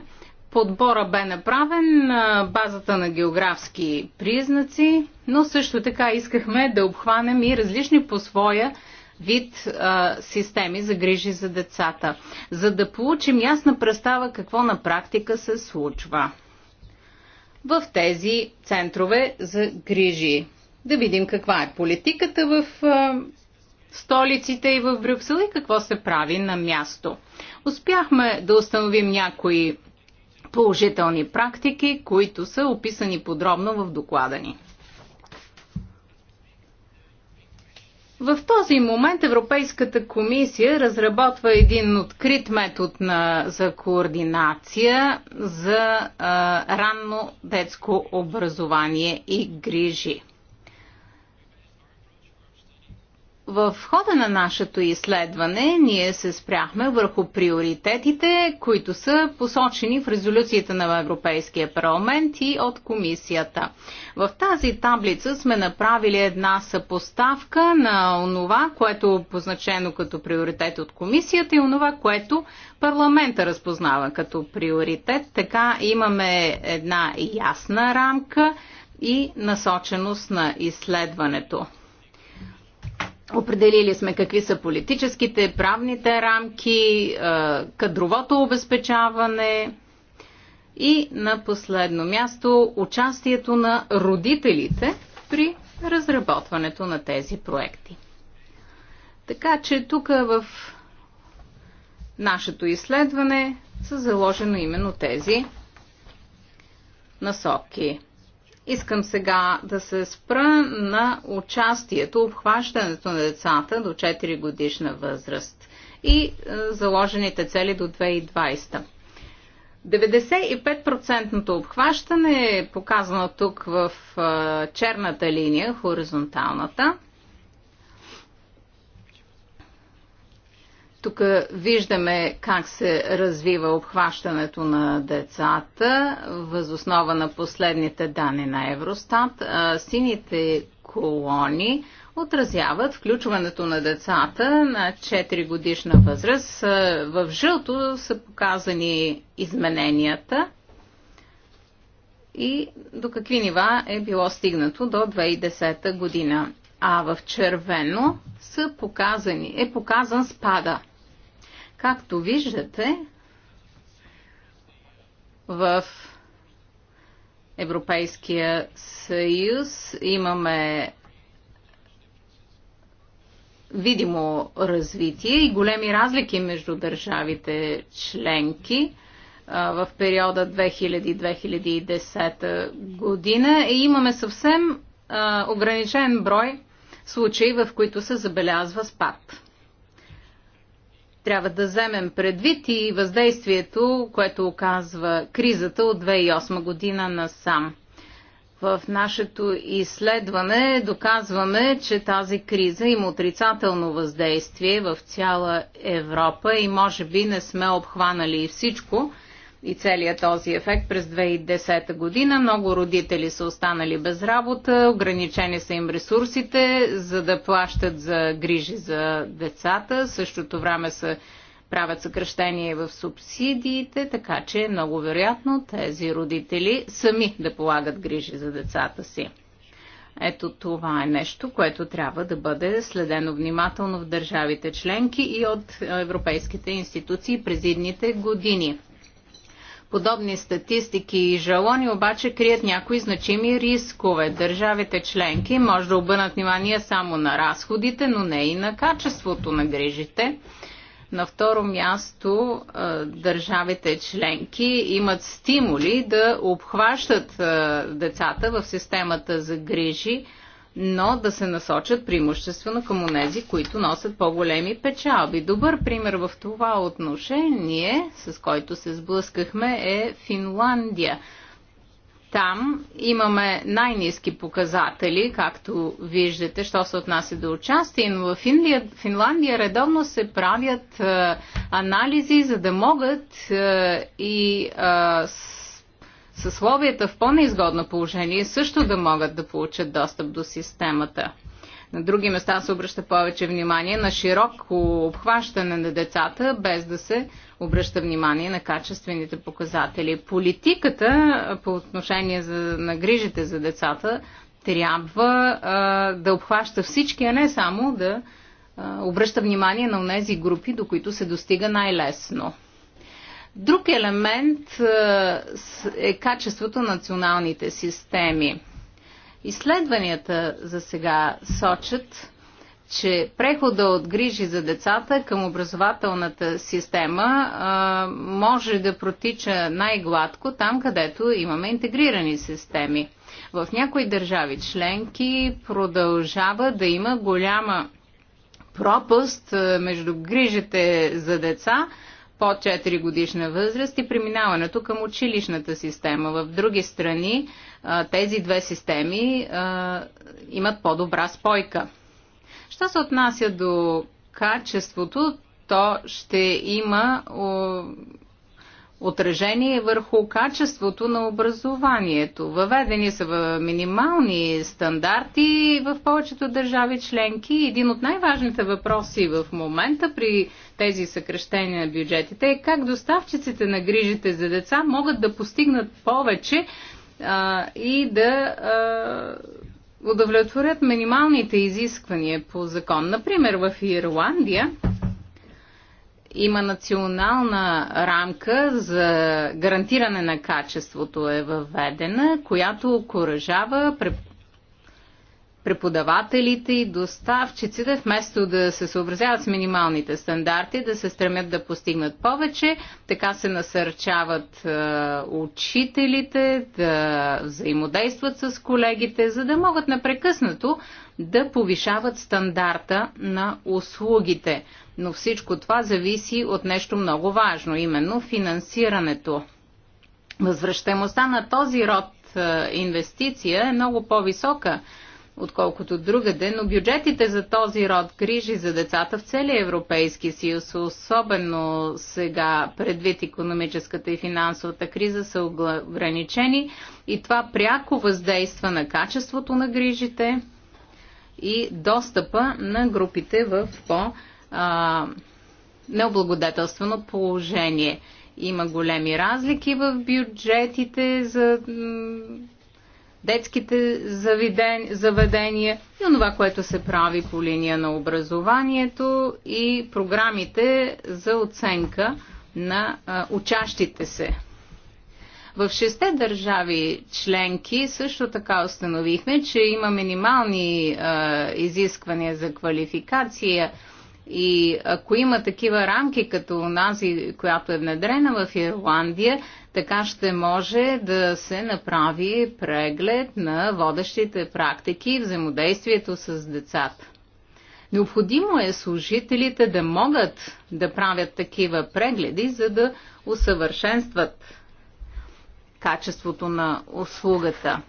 Подбора бе направен на базата на географски признаци, но също така искахме да обхванем и различни по своя вид а, системи за грижи за децата, за да получим ясна представа какво на практика се случва в тези центрове за грижи. Да видим каква е политиката в а, столиците и в Брюксел и какво се прави на място. Успяхме да установим някои положителни практики, които са описани подробно в доклада ни. В този момент Европейската комисия разработва един открит метод на, за координация за а, ранно детско образование и грижи. В хода на нашето изследване ние се спряхме върху приоритетите, които са посочени в резолюцията на Европейския парламент и от комисията. В тази таблица сме направили една съпоставка на онова, което е обозначено като приоритет от комисията и онова, което парламента разпознава като приоритет. Така имаме една ясна рамка и насоченост на изследването. Определили сме какви са политическите, правните рамки, кадровото обезпечаване и на последно място участието на родителите при разработването на тези проекти. Така че тук в нашето изследване са заложено именно тези насоки. Искам сега да се спра на участието, обхващането на децата до 4 годишна възраст и е, заложените цели до 2020. 95 обхващане е показано тук в е, черната линия, хоризонталната – Тук виждаме как се развива обхващането на децата възоснова на последните данни на Евростат. Сините колони отразяват включването на децата на 4 годишна възраст. В жълто са показани измененията и до какви нива е било стигнато до 2010 година. А в червено са показани, е показан спада – Както виждате, в Европейския съюз имаме видимо развитие и големи разлики между държавите членки в периода 2000-2010 година и имаме съвсем ограничен брой случаи, в които се забелязва спад трябва да вземем предвид и въздействието, което оказва кризата от 2008 година на сам. В нашето изследване доказваме, че тази криза има отрицателно въздействие в цяла Европа и може би не сме обхванали и всичко, и целият този ефект през 2010 година. Много родители са останали без работа, ограничени са им ресурсите, за да плащат за грижи за децата. Същото време са правят съкръщение в субсидиите, така че е много вероятно тези родители сами да полагат грижи за децата си. Ето това е нещо, което трябва да бъде следено внимателно в държавите членки и от европейските институции през идните години. Подобни статистики и жалони обаче крият някои значими рискове. Държавите членки може да обърнат внимание само на разходите, но не и на качеството на грижите. На второ място е, държавите членки имат стимули да обхващат е, децата в системата за грижи, но да се насочат преимуществено към онези, които носят по-големи печалби. Добър пример в това отношение, с който се сблъскахме, е Финландия. Там имаме най-низки показатели, както виждате, що се отнася до участие, но в Финлия, Финландия редовно се правят е, анализи, за да могат е, и е, съсловията в по-неизгодно положение също да могат да получат достъп до системата. На други места се обръща повече внимание на широко обхващане на децата, без да се обръща внимание на качествените показатели. Политиката по отношение за, на грижите за децата трябва а, да обхваща всички, а не само да а, обръща внимание на тези групи, до които се достига най-лесно. Друг елемент е, е качеството на националните системи. Изследванията за сега сочат, че прехода от грижи за децата към образователната система е, може да протича най-гладко там, където имаме интегрирани системи. В някои държави членки продължава да има голяма пропаст е, между грижите за деца по 4 годишна възраст и преминаването към училищната система. В други страни тези две системи имат по-добра спойка. Що се отнася до качеството, то ще има отражение върху качеството на образованието. Въведени са в минимални стандарти в повечето държави членки. Един от най-важните въпроси в момента при тези съкрещения на бюджетите е как доставчиците на грижите за деца могат да постигнат повече а, и да а, удовлетворят минималните изисквания по закон. Например, в Ирландия има национална рамка за гарантиране на качеството е въведена, която окоръжава преподавателите и доставчиците, вместо да се съобразяват с минималните стандарти, да се стремят да постигнат повече. Така се насърчават е, учителите да взаимодействат с колегите, за да могат напрекъснато да повишават стандарта на услугите. Но всичко това зависи от нещо много важно, именно финансирането. Възвръщаемостта на този род е, инвестиция е много по-висока, отколкото другаде, но бюджетите за този род грижи за децата в целия Европейски съюз, особено сега предвид економическата и финансовата криза, са ограничени и това пряко въздейства на качеството на грижите и достъпа на групите в по- а, положение. Има големи разлики в бюджетите за детските заведения и това, което се прави по линия на образованието и програмите за оценка на а, учащите се. В шесте държави членки също така установихме, че има минимални а, изисквания за квалификация – и ако има такива рамки, като онази, която е внедрена в Ирландия, така ще може да се направи преглед на водещите практики и взаимодействието с децата. Необходимо е служителите да могат да правят такива прегледи, за да усъвършенстват качеството на услугата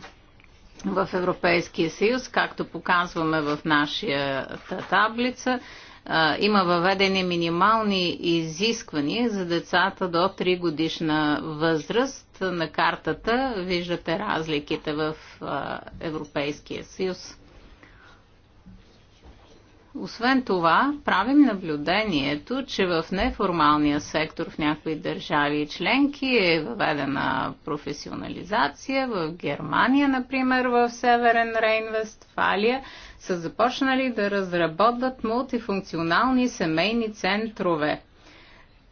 в Европейския съюз, както показваме в нашата таблица а, има въведени минимални изисквания за децата до 3 годишна възраст. На картата виждате разликите в а, Европейския съюз. Освен това, правим наблюдението, че в неформалния сектор в някои държави и членки е въведена професионализация. В Германия, например, в Северен Рейн, Фалия са започнали да разработват мултифункционални семейни центрове.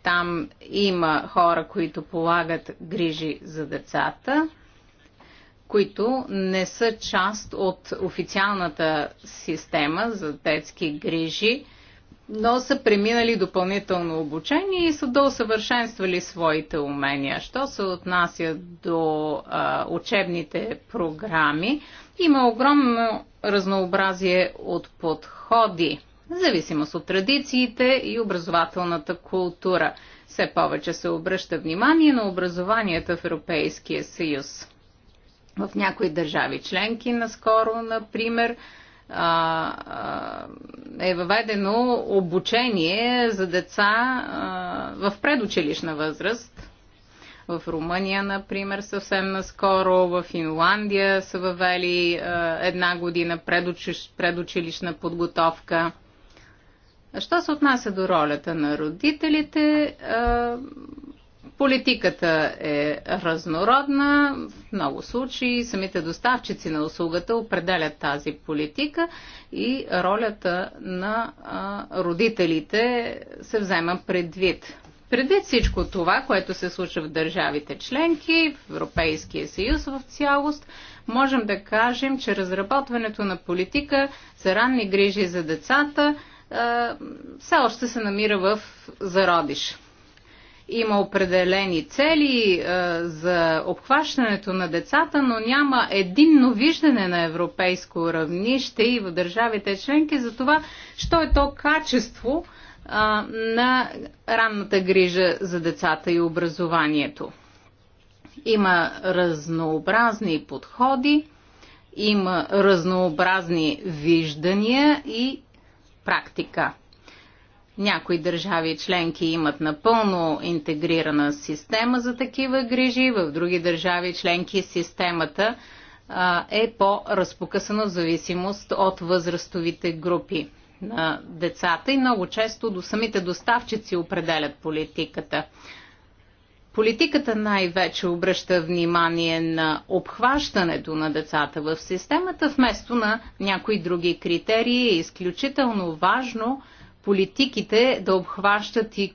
Там има хора, които полагат грижи за децата, които не са част от официалната система за детски грижи, но са преминали допълнително обучение и са доусъвършенствали своите умения. Що се отнася до а, учебните програми, има огромно разнообразие от подходи, зависимост от традициите и образователната култура. Все повече се обръща внимание на образованието в Европейския съюз. В някои държави членки наскоро, например, е въведено обучение за деца в предучилищна възраст в Румъния, например, съвсем наскоро, в Финландия са въвели една година предучилищна подготовка. Що се отнася до ролята на родителите, Политиката е разнородна. В много случаи самите доставчици на услугата определят тази политика и ролята на родителите се взема предвид. Предвид всичко това, което се случва в държавите членки, в Европейския съюз в цялост, можем да кажем, че разработването на политика за ранни грижи за децата все още се намира в зародиш. Има определени цели за обхващането на децата, но няма единно виждане на европейско равнище и в държавите членки за това, що е то качество – на ранната грижа за децата и образованието. Има разнообразни подходи, има разнообразни виждания и практика. Някои държави членки имат напълно интегрирана система за такива грижи, в други държави членки системата е по-разпокъсана в зависимост от възрастовите групи на децата и много често до самите доставчици определят политиката. Политиката най-вече обръща внимание на обхващането на децата в системата, вместо на някои други критерии. Е изключително важно политиките да обхващат и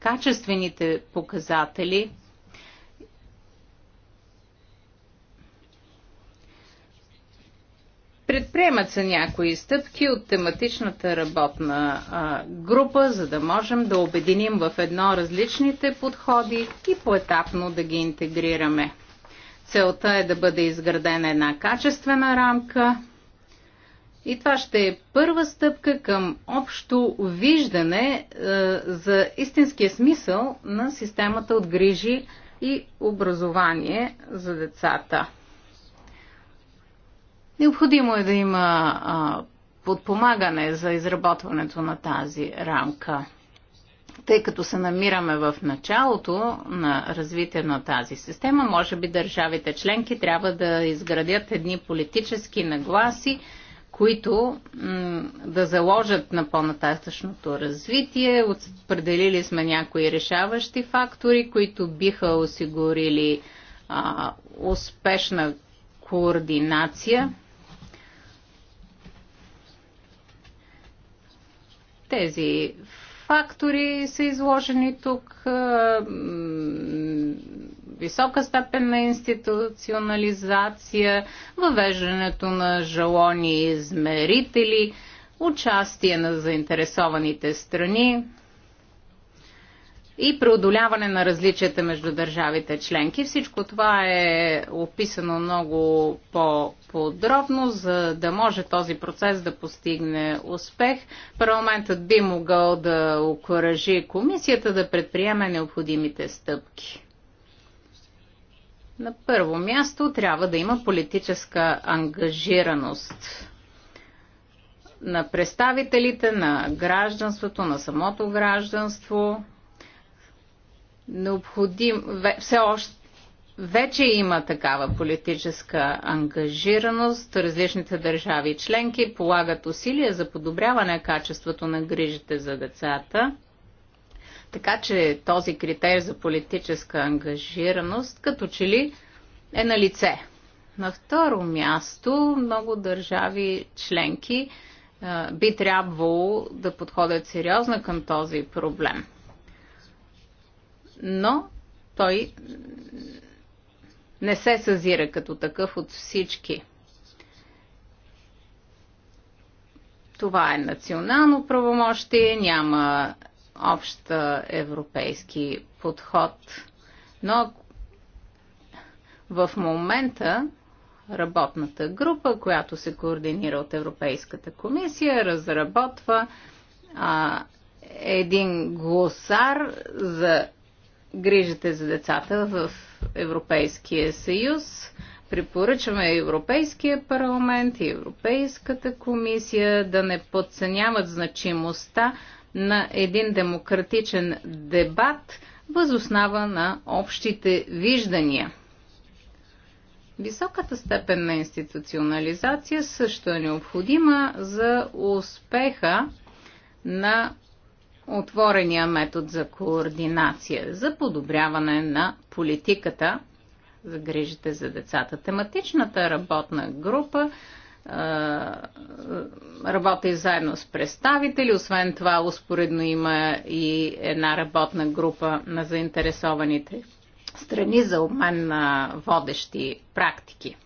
качествените показатели Предприемат се някои стъпки от тематичната работна а, група, за да можем да обединим в едно различните подходи и поетапно да ги интегрираме. Целта е да бъде изградена една качествена рамка и това ще е първа стъпка към общо виждане а, за истинския смисъл на системата от грижи и образование за децата. Необходимо е да има а, подпомагане за изработването на тази рамка. Тъй като се намираме в началото на развитие на тази система, може би държавите членки трябва да изградят едни политически нагласи, които да заложат на по-нататъчното развитие. Определили сме някои решаващи фактори, които биха осигурили а, успешна координация Тези фактори са изложени тук. Висока степен на институционализация, въвеждането на жалони измерители, участие на заинтересованите страни, и преодоляване на различията между държавите членки. Всичко това е описано много по-подробно, за да може този процес да постигне успех. Парламентът би могъл да окоръжи комисията да предприеме необходимите стъпки. На първо място трябва да има политическа ангажираност на представителите на гражданството, на самото гражданство, необходим, все още вече има такава политическа ангажираност. Различните държави членки полагат усилия за подобряване на качеството на грижите за децата. Така че този критерий за политическа ангажираност като че ли е на лице. На второ място много държави членки би трябвало да подходят сериозно към този проблем но той не се съзира като такъв от всички. Това е национално правомощие, няма общ европейски подход, но в момента работната група, която се координира от Европейската комисия, разработва а, един глосар за грижите за децата в Европейския съюз. Препоръчваме Европейския парламент и Европейската комисия да не подценяват значимостта на един демократичен дебат възоснава на общите виждания. Високата степен на институционализация също е необходима за успеха на отворения метод за координация, за подобряване на политиката за грижите за децата. Тематичната работна група работи заедно с представители. Освен това, успоредно има и една работна група на заинтересованите страни за обмен на водещи практики.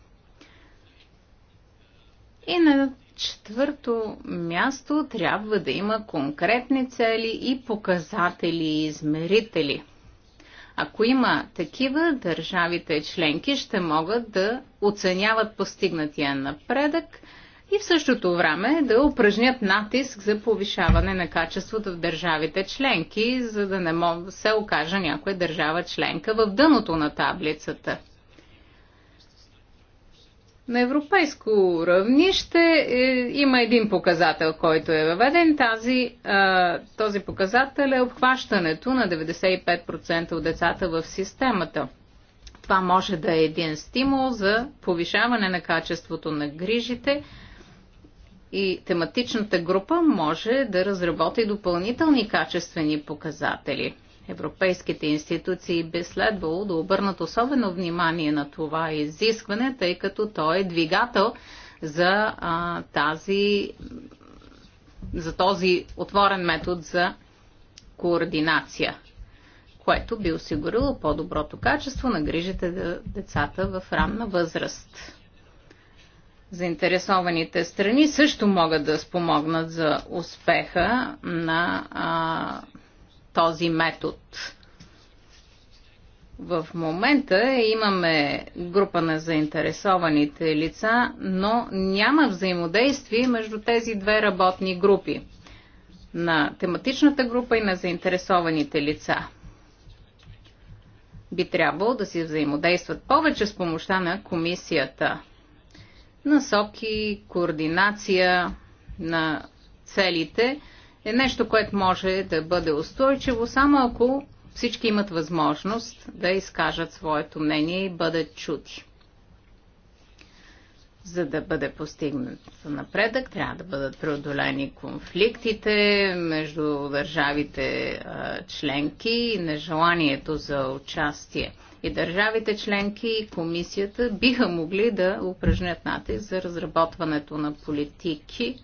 И на четвърто място трябва да има конкретни цели и показатели и измерители. Ако има такива, държавите членки ще могат да оценяват постигнатия напредък и в същото време да упражнят натиск за повишаване на качеството в държавите членки, за да не се окаже някоя държава членка в дъното на таблицата – на европейско равнище е, има един показател, който е въведен. Тази, е, този показател е обхващането на 95% от децата в системата. Това може да е един стимул за повишаване на качеството на грижите и тематичната група може да разработи допълнителни качествени показатели – европейските институции би следвало да обърнат особено внимание на това изискване, тъй като той е двигател за, а, тази, за този отворен метод за координация, което би осигурило по-доброто качество на грижите за децата в ранна възраст. Заинтересованите страни също могат да спомогнат за успеха на а, този метод. В момента имаме група на заинтересованите лица, но няма взаимодействие между тези две работни групи на тематичната група и на заинтересованите лица. Би трябвало да си взаимодействат повече с помощта на комисията. Насоки, координация на целите – е нещо, което може да бъде устойчиво, само ако всички имат възможност да изкажат своето мнение и бъдат чути. За да бъде постигнат напредък, трябва да бъдат преодолени конфликтите между държавите членки и нежеланието за участие. И държавите членки и комисията биха могли да упражнят натиск за разработването на политики,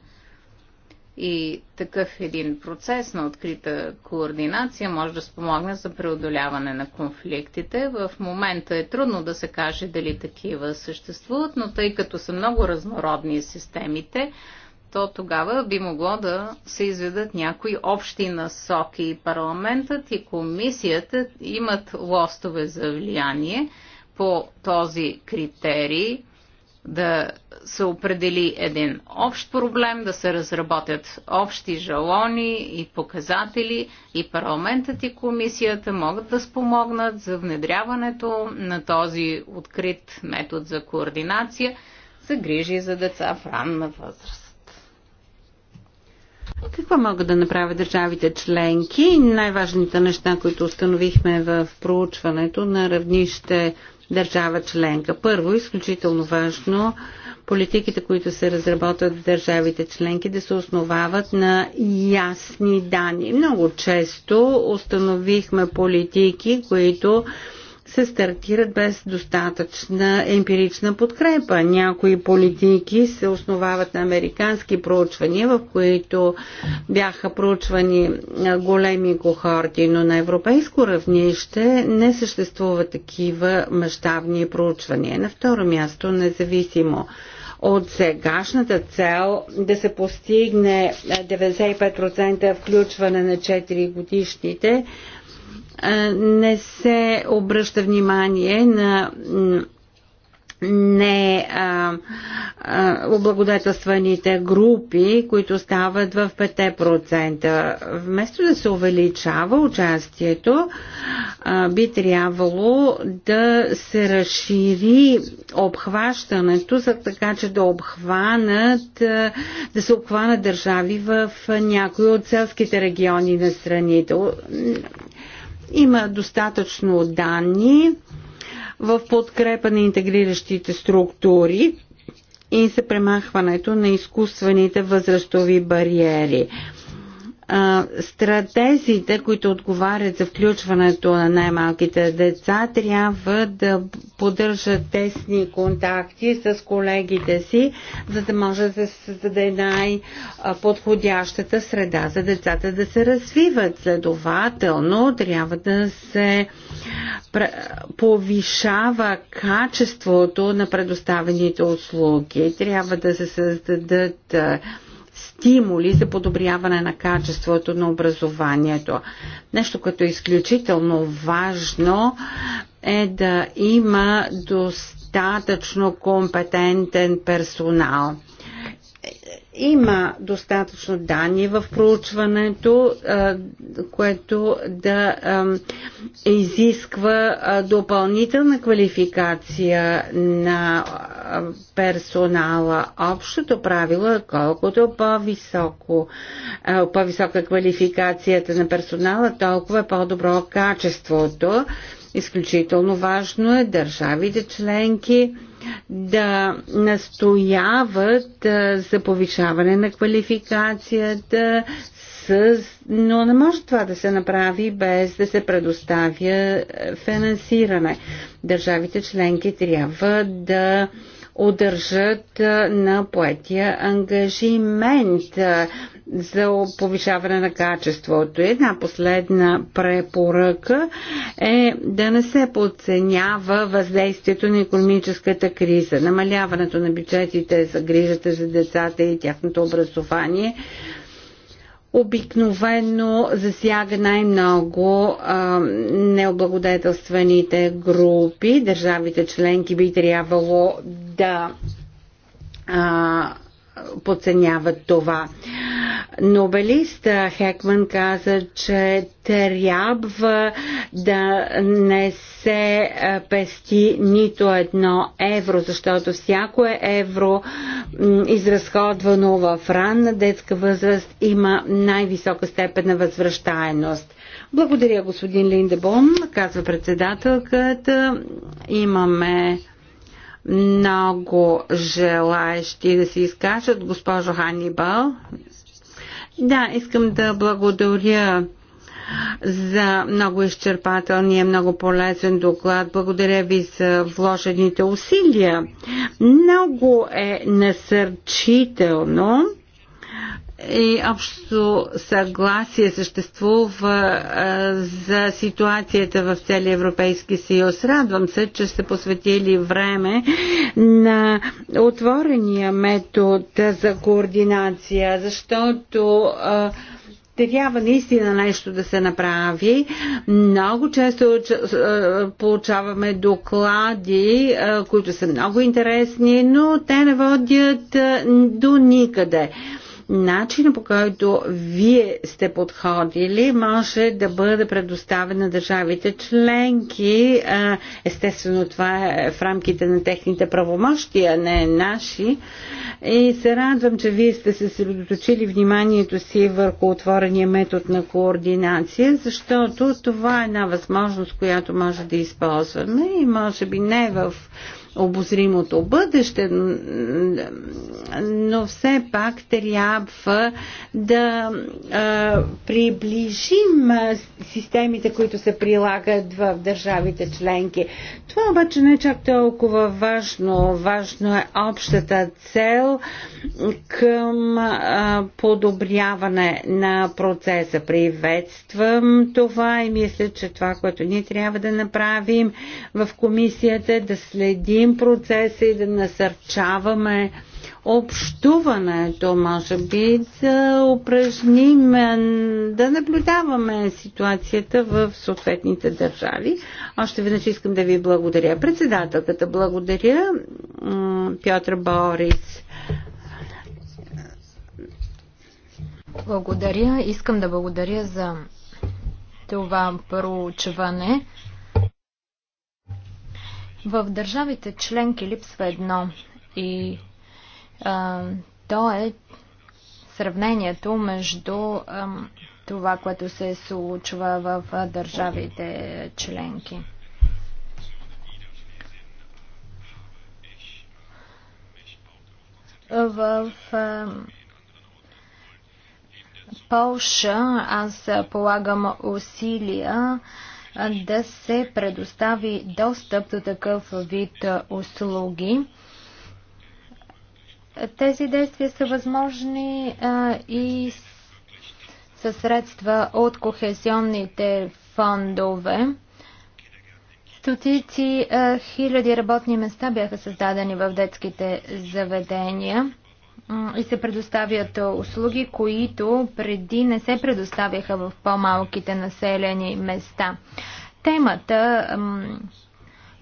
и такъв един процес на открита координация може да спомогне за преодоляване на конфликтите. В момента е трудно да се каже дали такива съществуват, но тъй като са много разнородни системите, то тогава би могло да се изведат някои общи насоки. И парламентът и комисията имат лостове за влияние по този критерий да се определи един общ проблем, да се разработят общи жалони и показатели и парламентът и комисията могат да спомогнат за внедряването на този открит метод за координация за грижи за деца в ранна възраст. Какво могат да направят държавите членки? Най-важните неща, които установихме в проучването на равнище държава членка. Първо, изключително важно, политиките, които се разработват в държавите членки, да се основават на ясни данни. Много често установихме политики, които се стартират без достатъчна емпирична подкрепа. Някои политики се основават на американски проучвания, в които бяха проучвани големи кохорти, но на европейско равнище не съществуват такива мащабни проучвания. На второ място, независимо от сегашната цел да се постигне 95% включване на 4 годишните, не се обръща внимание на не а, а, облагодетелстваните групи, които стават в 5%. Вместо да се увеличава участието, а, би трябвало да се разшири обхващането, за така че да обхванат, а, да се обхванат държави в някои от селските региони на страните. Има достатъчно данни в подкрепа на интегриращите структури и за премахването на изкуствените възрастови бариери стратезиите, стратезите, които отговарят за включването на най-малките деца, трябва да поддържат тесни контакти с колегите си, за да може да се създаде най-подходящата среда за децата да се развиват. Следователно, трябва да се повишава качеството на предоставените услуги. Трябва да се създадат стимули за подобряване на качеството на образованието. Нещо, като е изключително важно е да има достатъчно компетентен персонал. Има достатъчно данни в проучването, което да изисква допълнителна квалификация на персонала. Общото правило е колкото по-високо, по-висока квалификацията на персонала, толкова е по-добро качеството. Изключително важно е държавите членки да настояват за повишаване на квалификацията, с... но не може това да се направи без да се предоставя финансиране. Държавите членки трябва да удържат на поетия ангажимент за повишаване на качеството. Една последна препоръка е да не се подценява въздействието на економическата криза. Намаляването на бюджетите за грижата за децата и тяхното образование обикновено засяга най-много необлагодетелстваните групи. Държавите членки би трябвало да а, подценяват това. Нобелист Хекман каза, че трябва да не се е, пести нито едно евро, защото всяко евро изразходвано в ранна детска възраст има най-висока степен на възвръщаеност. Благодаря, господин Линдебом, казва председателката. Имаме много желаещи да се изкажат. Госпожо Ханибал. Да, искам да благодаря за много изчерпателния, много полезен доклад. Благодаря ви за вложените усилия. Много е насърчително и общо съгласие съществува за ситуацията в целия Европейски съюз. Радвам се, че сте посветили време на отворения метод за координация, защото трябва наистина нещо да се направи. Много често получаваме доклади, които са много интересни, но те не водят до никъде начина по който вие сте подходили може да бъде предоставен на държавите членки. Естествено, това е в рамките на техните правомощия, не наши. И се радвам, че вие сте се съсредоточили вниманието си върху отворения метод на координация, защото това е една възможност, която може да използваме и може би не в обозримото бъдеще, но все пак трябва да а, приближим системите, които се прилагат в държавите членки. Това обаче не е чак толкова важно. Важно е общата цел към а, подобряване на процеса. Приветствам това и мисля, че това, което ние трябва да направим в комисията е да следим следим процеса и да насърчаваме общуването, може би да упражним, да наблюдаваме ситуацията в съответните държави. Още веднъж искам да ви благодаря. Председателката благодаря, Пьотър Борис. Благодаря. Искам да благодаря за това проучване. В държавите членки липсва едно и а, то е сравнението между а, това, което се случва в а, държавите членки. В а, Полша аз полагам усилия да се предостави достъп до такъв вид услуги. Тези действия са възможни и със средства от кохезионните фондове. Стотици хиляди работни места бяха създадени в детските заведения и се предоставят услуги, които преди не се предоставяха в по-малките населени места. Темата,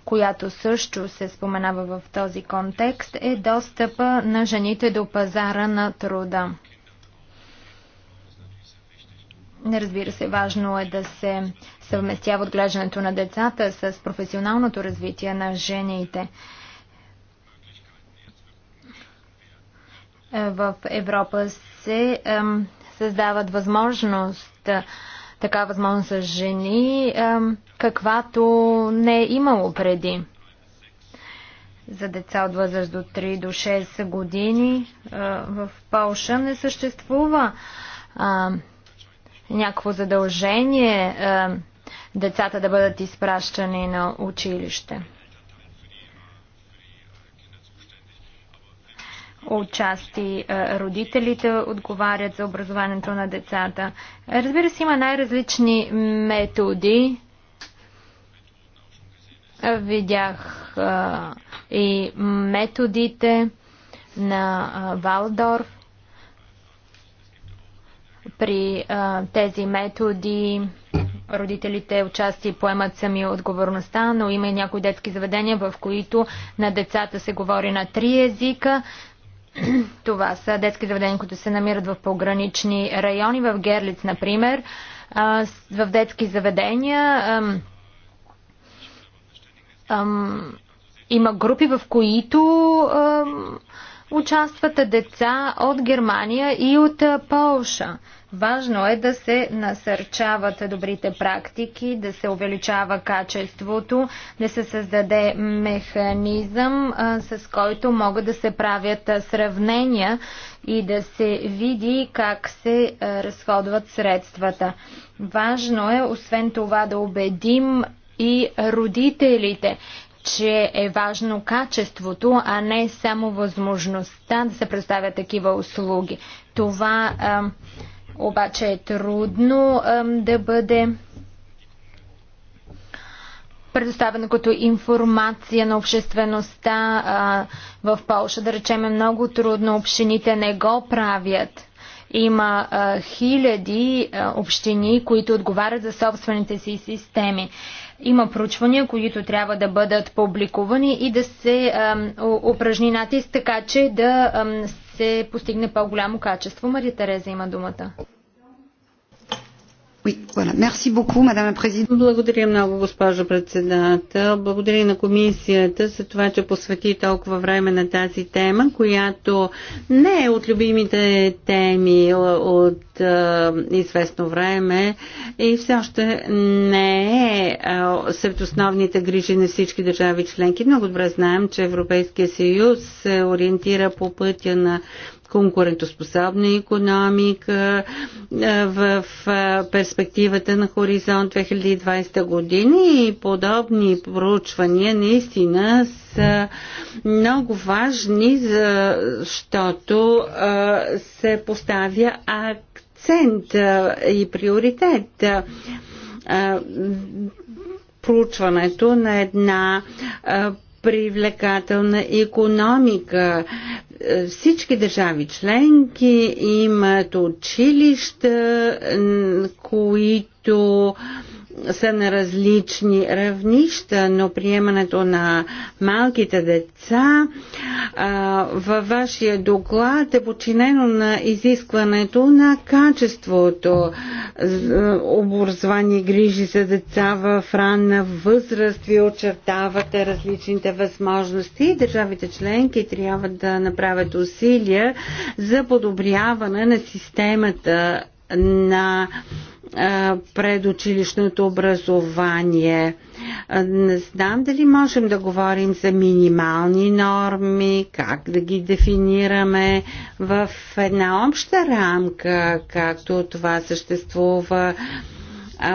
която също се споменава в този контекст, е достъпа на жените до пазара на труда. Разбира се, важно е да се съвместява отглеждането на децата с професионалното развитие на жените. Е, в Европа се създават възможност, е, така възможност за жени, каквато не е имало преди. За деца от възраст до 3 до 6 години е, в Полша не съществува някакво задължение децата да бъдат изпращани на училище. отчасти е, родителите отговарят за образованието на децата. Разбира се, има най-различни методи. Видях е, и методите на е, Валдорф. При тези методи родителите отчасти поемат сами отговорността, но има и някои детски заведения, в които на децата се говори на три езика. Това са детски заведения, които се намират в погранични райони, в Герлиц, например, в детски заведения. Има групи, в които участват деца от Германия и от Полша. Важно е да се насърчават добрите практики, да се увеличава качеството, да се създаде механизъм, с който могат да се правят сравнения и да се види как се разходват средствата. Важно е, освен това, да убедим и родителите, че е важно качеството, а не само възможността да се представят такива услуги. Това а, обаче е трудно а, да бъде предоставено като информация на обществеността а, в Польша. Да речем е много трудно, общините не го правят. Има а, хиляди а, общини, които отговарят за собствените си системи. Има проучвания, които трябва да бъдат публикувани и да се упражни натиск, така че да се постигне по-голямо качество. Мария Тереза има думата. Благодаря много, госпожо председател. Благодаря на комисията за това, че посвети толкова време на тази тема, която не е от любимите теми от е, известно време и все още не е, е сред основните грижи на всички държави членки. Много добре знаем, че Европейския съюз се ориентира по пътя на конкурентоспособна економика е, в е, перспективата на хоризонт 2020 години и подобни проучвания наистина са много важни, защото е, се поставя акцент и приоритет проучването на една привлекателна економика. Е, всички държави членки имат училища, които са на различни равнища, но приемането на малките деца а, във вашия доклад е подчинено на изискването на качеството е, образование и грижи за деца в ранна възраст. Ви очертавате различните възможности. Държавите членки трябва да направят усилия за подобряване на системата на предучилищното образование. Не знам дали можем да говорим за минимални норми, как да ги дефинираме в една обща рамка, както това съществува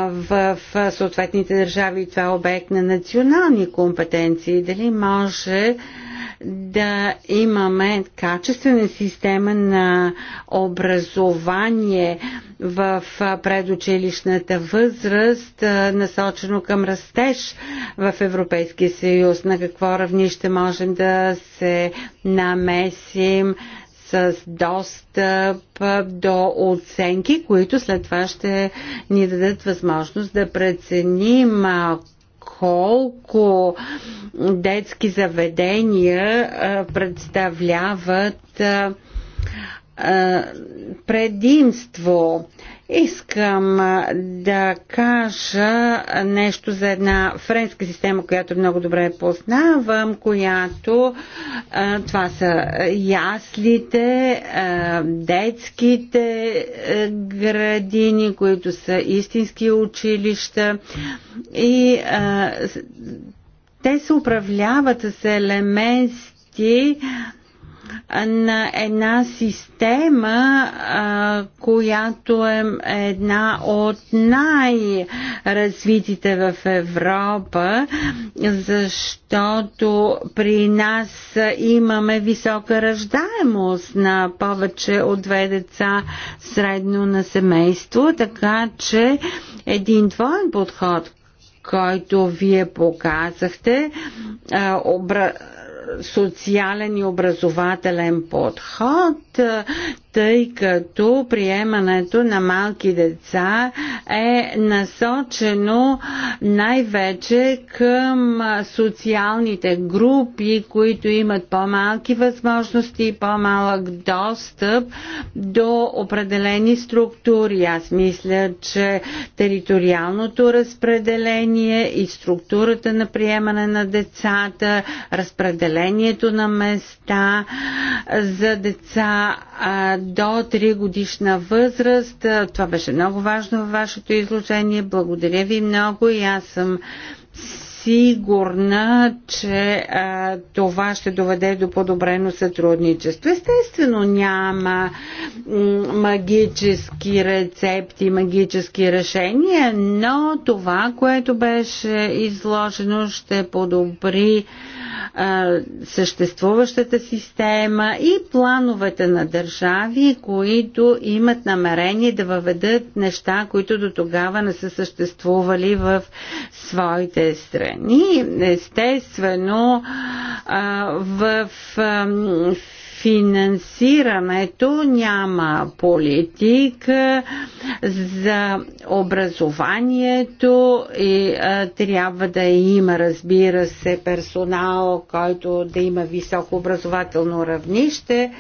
в съответните държави и това е обект на национални компетенции. Дали може да имаме качествена система на образование в предучилищната възраст, насочено към растеж в Европейския съюз, на какво равнище можем да се намесим с достъп до оценки, които след това ще ни дадат възможност да преценим колко детски заведения представляват предимство. Искам да кажа нещо за една френска система, която много добре познавам, която това са яслите, детските градини, които са истински училища и те се управляват с елементи на една система, която е една от най-развитите в Европа, защото при нас имаме висока ръждаемост на повече от две деца средно на семейство, така че един твоен подход, който вие показахте, обра социален и образователен подход тъй като приемането на малки деца е насочено най-вече към социалните групи, които имат по-малки възможности и по-малък достъп до определени структури. Аз мисля, че териториалното разпределение и структурата на приемане на децата, разпределението на места за деца до 3 годишна възраст. Това беше много важно във вашето изложение. Благодаря ви много и аз съм сигурна, че а, това ще доведе до подобрено сътрудничество. Естествено, няма магически рецепти, магически решения, но това, което беше изложено, ще подобри а, съществуващата система и плановете на държави, които имат намерение да въведат неща, които до тогава не са съществували в своите страни. Естествено, а, в а, финансирането, няма политика за образованието и а, трябва да има, разбира се, персонал, който да има високо образователно равнище,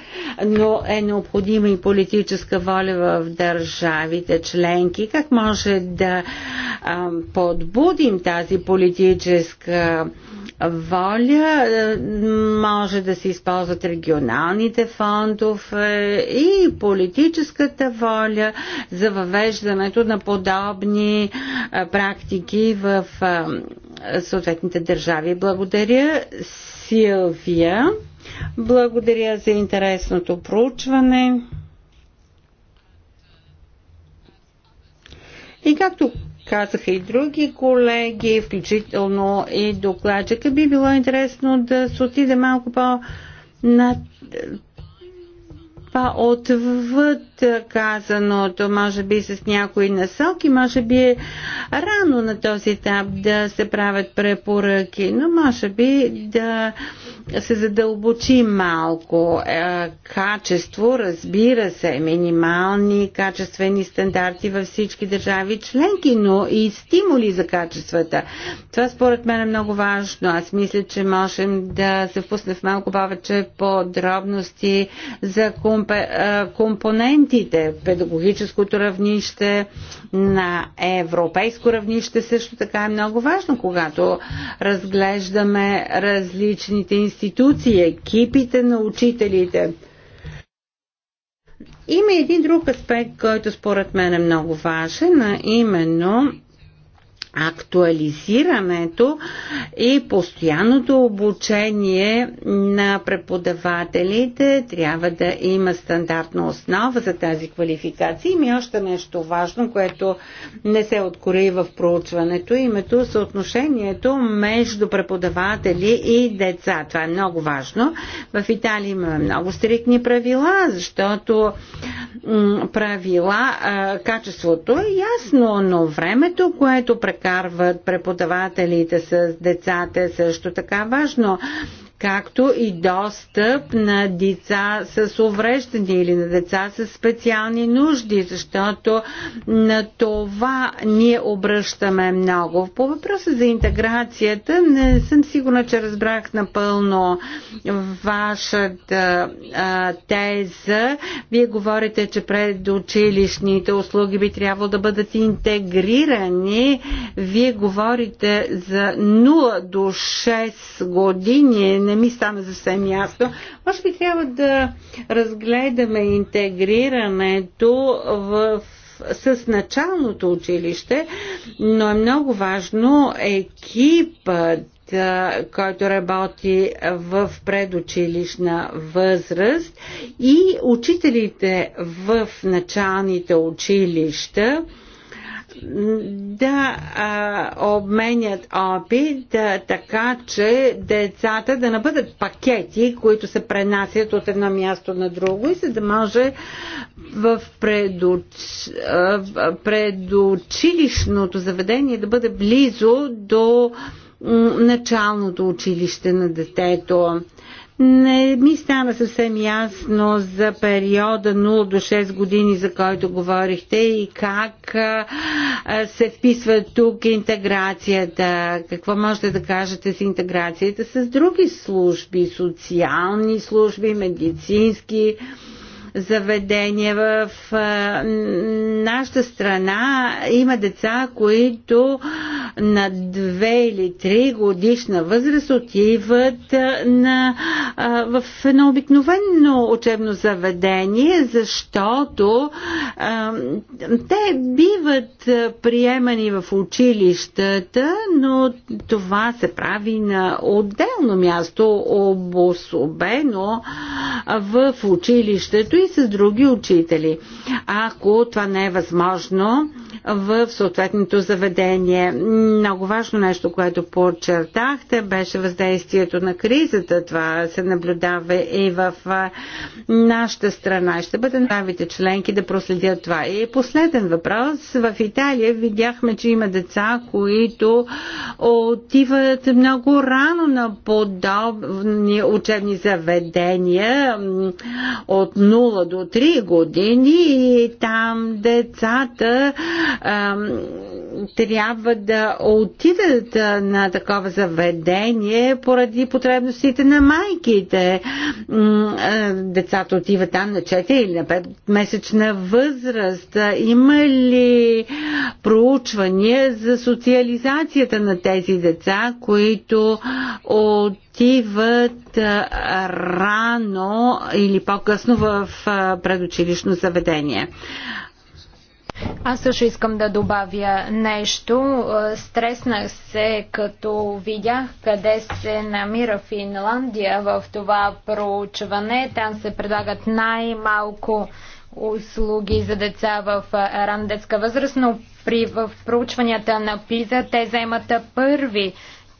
но е необходима и политическа воля в държавите членки. Как може да а, подбудим тази политическа воля, е, може да се използват регионалните фондове и политическата воля за въвеждането на подобни е, практики в е, съответните държави. Благодаря, Силвия. Благодаря за интересното проучване. И както казаха и други колеги, включително и докладчика. Би било интересно да се отиде малко по- на отвъд казаното, може би с някои насоки, може би е рано на този етап да се правят препоръки, но може би да се задълбочи малко. Качество, разбира се, минимални качествени стандарти във всички държави членки, но и стимули за качествата. Това според мен е много важно. Аз мисля, че можем да се впуснем в малко повече подробности за компетентност компонентите, педагогическото равнище, на европейско равнище също така е много важно, когато разглеждаме различните институции, екипите на учителите. Има един друг аспект, който според мен е много важен, а именно актуализирането и постоянното обучение на преподавателите трябва да има стандартна основа за тази квалификация. Има и още нещо важно, което не се откори в проучването, името съотношението между преподаватели и деца. Това е много важно. В Италия има много стрикни правила, защото правила, качеството е ясно, но времето, което прекарват прекарват преподавателите с децата е също така важно както и достъп на деца с увреждане или на деца с специални нужди, защото на това ние обръщаме много. По въпроса за интеграцията не съм сигурна, че разбрах напълно вашата а, теза. Вие говорите, че предучилищните услуги би трябвало да бъдат интегрирани. Вие говорите за 0 до 6 години. Не не ми стана съвсем ясно. Може би трябва да разгледаме интегрирането в с началното училище, но е много важно екипът, който работи в предучилищна възраст и учителите в началните училища да а, обменят опит, да, така че децата да не бъдат пакети, които се пренасят от едно място на друго и за да може в предуч... предучилищното заведение да бъде близо до началното училище на детето. Не ми стана съвсем ясно за периода 0 до 6 години, за който говорихте и как се вписва тук интеграцията. Какво можете да кажете с интеграцията с други служби, социални служби, медицински служби? заведения. В нашата страна има деца, които на 2 или 3 годишна възраст отиват на, в едно обикновено учебно заведение, защото те биват приемани в училищата, но това се прави на отделно място, обособено в училището с други учители. Ако това не е възможно, в съответното заведение. Много важно нещо, което подчертахте, беше въздействието на кризата. Това се наблюдава и в нашата страна. Ще бъде правите членки да проследят това. И последен въпрос. В Италия видяхме, че има деца, които отиват много рано на подобни учебни заведения от 0 до 3 години и там децата трябва да отидат на такова заведение поради потребностите на майките. Децата отиват там на 4 или на 5 месечна възраст. Има ли проучвания за социализацията на тези деца, които от отиват рано или по-късно в предучилищно заведение. Аз също искам да добавя нещо. Е, Стреснах се, като видях къде се намира Финландия в това проучване. Там се предлагат най-малко услуги за деца в е, ран детска възраст, но при, в проучванията на ПИЗА те заемат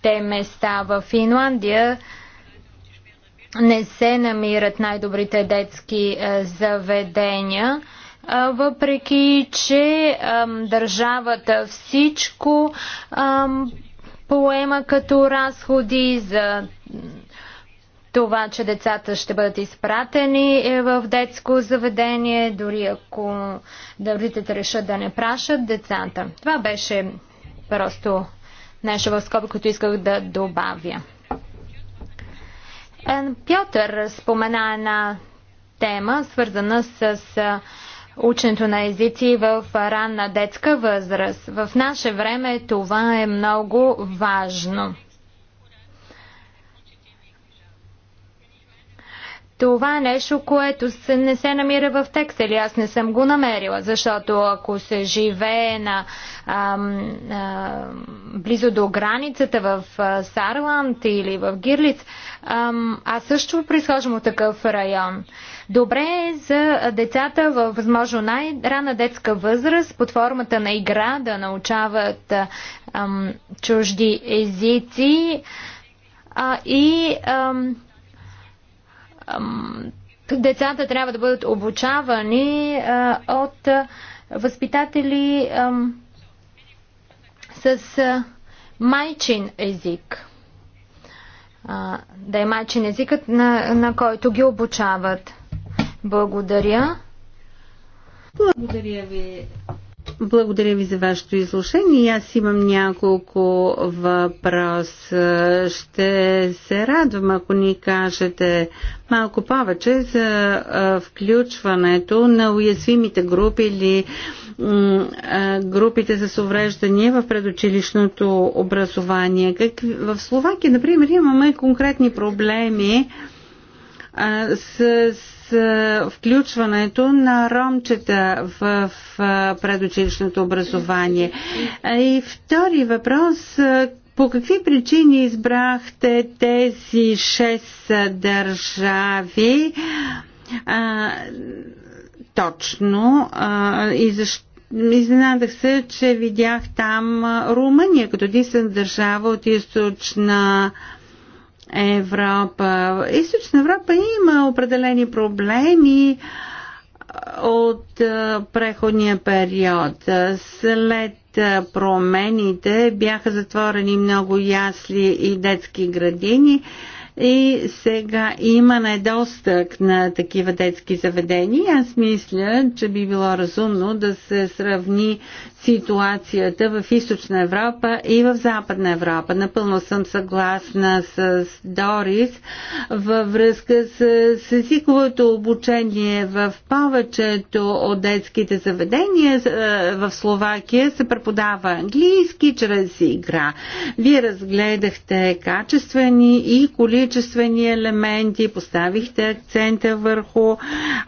те места в Финландия. Не се намират най-добрите детски е, заведения въпреки че държавата всичко поема като разходи за това, че децата ще бъдат изпратени е, в детско заведение, дори ако дървите решат да не прашат децата. Това беше просто нещо в скоби, което исках да добавя. Пьотър спомена една тема, свързана с ученето на езици в ранна детска възраст. В наше време това е много важно. Това е нещо, което се, не се намира в текста или аз не съм го намерила, защото ако се живее на, ам, ам, близо до границата в Сарланд или в Гирлиц, ам, аз също присхождам от такъв район. Добре е за децата във възможно най-рана детска възраст под формата на игра да научават ам, чужди езици а, и ам, ам, децата трябва да бъдат обучавани а, от а, възпитатели ам, с а, майчин език. А, да е майчин езикът, на, на който ги обучават. Благодаря. Благодаря ви. Благодаря ви за вашето изложение. Аз имам няколко въпроса. Ще се радвам, ако ни кажете малко повече за включването на уязвимите групи или групите с увреждания в предучилищното образование. Как... В Словакия, например, имаме конкретни проблеми с за е, включването на ромчета в е, предучилищното образование. И втори въпрос, е, по какви причини избрахте тези шест държави а, точно а, и защо? Изненадах се, че видях там Румъния като единствена държава от източна а, Европа. Източна Европа има определени проблеми от преходния период. След промените бяха затворени много ясли и детски градини и сега има недостъг на такива детски заведения. Аз мисля, че би било разумно да се сравни ситуацията в Източна Европа и в Западна Европа. Напълно съм съгласна с Дорис във връзка с, с езиковото обучение в повечето от детските заведения е, в Словакия се преподава английски чрез игра. Вие разгледахте качествени и количествени елементи, поставихте акцента върху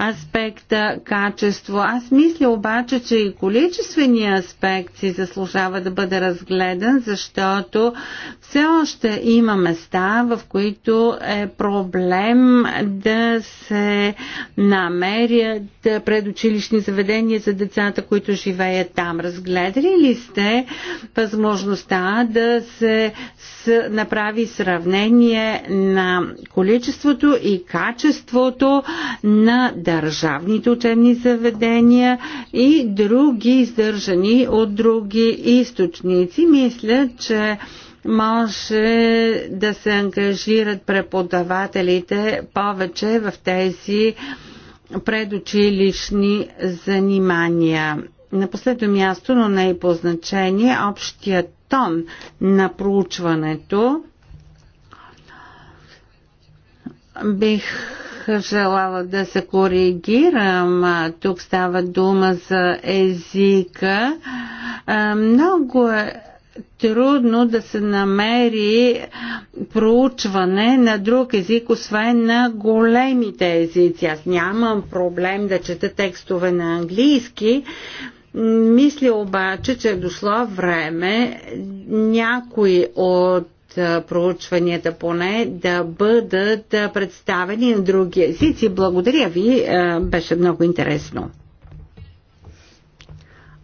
аспекта качество. Аз мисля обаче, че и количествения аспект си заслужава да бъде разгледан, защото все още има места, в които е проблем да се намерят предучилищни заведения за децата, които живеят там. Разгледали ли сте възможността да се направи сравнение на количеството и качеството на държавните учебни заведения и други издържани и от други източници. Мисля, че може да се ангажират преподавателите повече в тези предучилищни занимания. На последно място, но не и по значение, общият тон на проучването бих желала да се коригирам. Тук става дума за езика. Много е трудно да се намери проучване на друг език, освен на големите езици. Аз нямам проблем да чета текстове на английски, мисля обаче, че е дошло време някои от проучванията поне да бъдат представени на други езици. Благодаря ви, беше много интересно.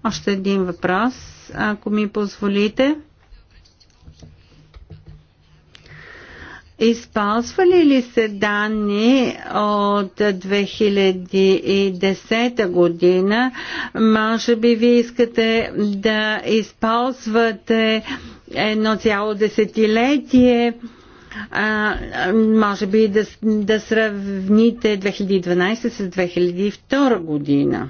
Още един въпрос, ако ми позволите. Използвали ли се данни от 2010 година? Може би ви искате да използвате едно цяло десетилетие. А, може би да, да сравните 2012 с 2002 година.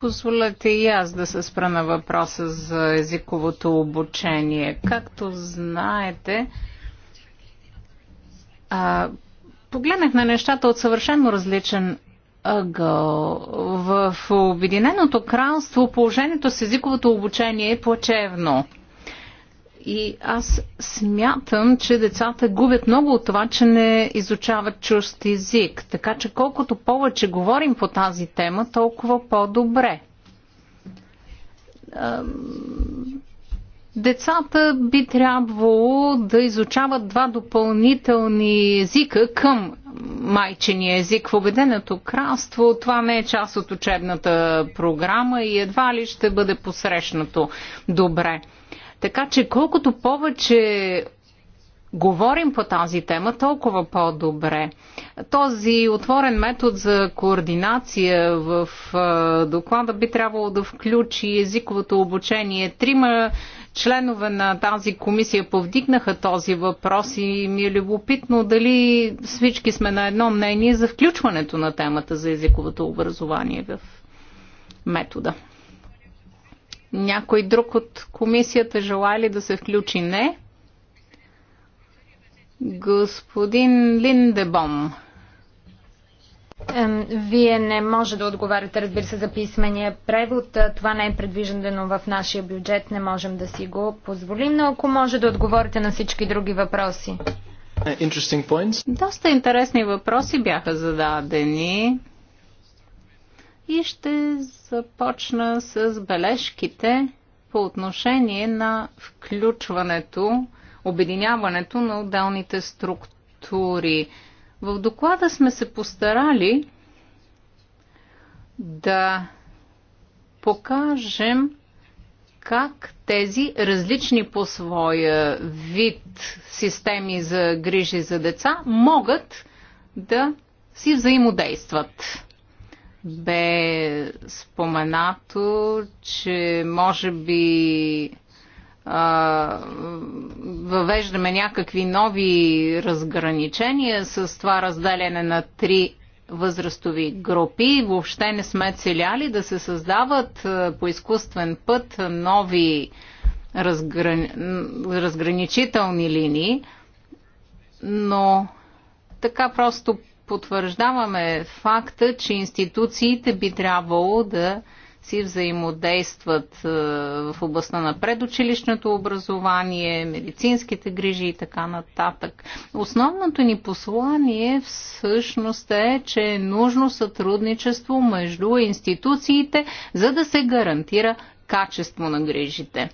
позволете и аз да се спра на въпроса за езиковото обучение. Както знаете, а, погледнах на нещата от съвършено различен ъгъл. В Обединеното кралство положението с езиковото обучение е плачевно. И аз смятам, че децата губят много от това, че не изучават чужд език. Така че колкото повече говорим по тази тема, толкова по-добре Децата би трябвало да изучават два допълнителни езика към майчения език в Обеденото кралство. Това не е част от учебната програма и едва ли ще бъде посрещнато добре. Така че колкото повече говорим по тази тема, толкова по-добре. Този отворен метод за координация в доклада би трябвало да включи езиковото обучение. Трима членове на тази комисия повдигнаха този въпрос и ми е любопитно дали всички сме на едно мнение за включването на темата за езиковото образование в метода. Някой друг от комисията желая ли да се включи? Не. Господин Линдебом. Вие не може да отговаряте, разбира се, за писмения превод. Това не е предвиждано в нашия бюджет. Не можем да си го позволим, но ако може да отговорите на всички други въпроси. Доста интересни въпроси бяха зададени. И ще започна с бележките по отношение на включването, обединяването на отделните структури. В доклада сме се постарали да покажем как тези различни по своя вид системи за грижи за деца могат да си взаимодействат. Бе споменато, че може би въвеждаме някакви нови разграничения с това разделяне на три възрастови групи. Въобще не сме целяли да се създават по изкуствен път нови разграни... разграничителни линии, но така просто потвърждаваме факта, че институциите би трябвало да си взаимодействат е, в областта на предучилищното образование, медицинските грижи и така нататък. Основното ни послание всъщност е, че е нужно сътрудничество между институциите, за да се гарантира качество на грижите.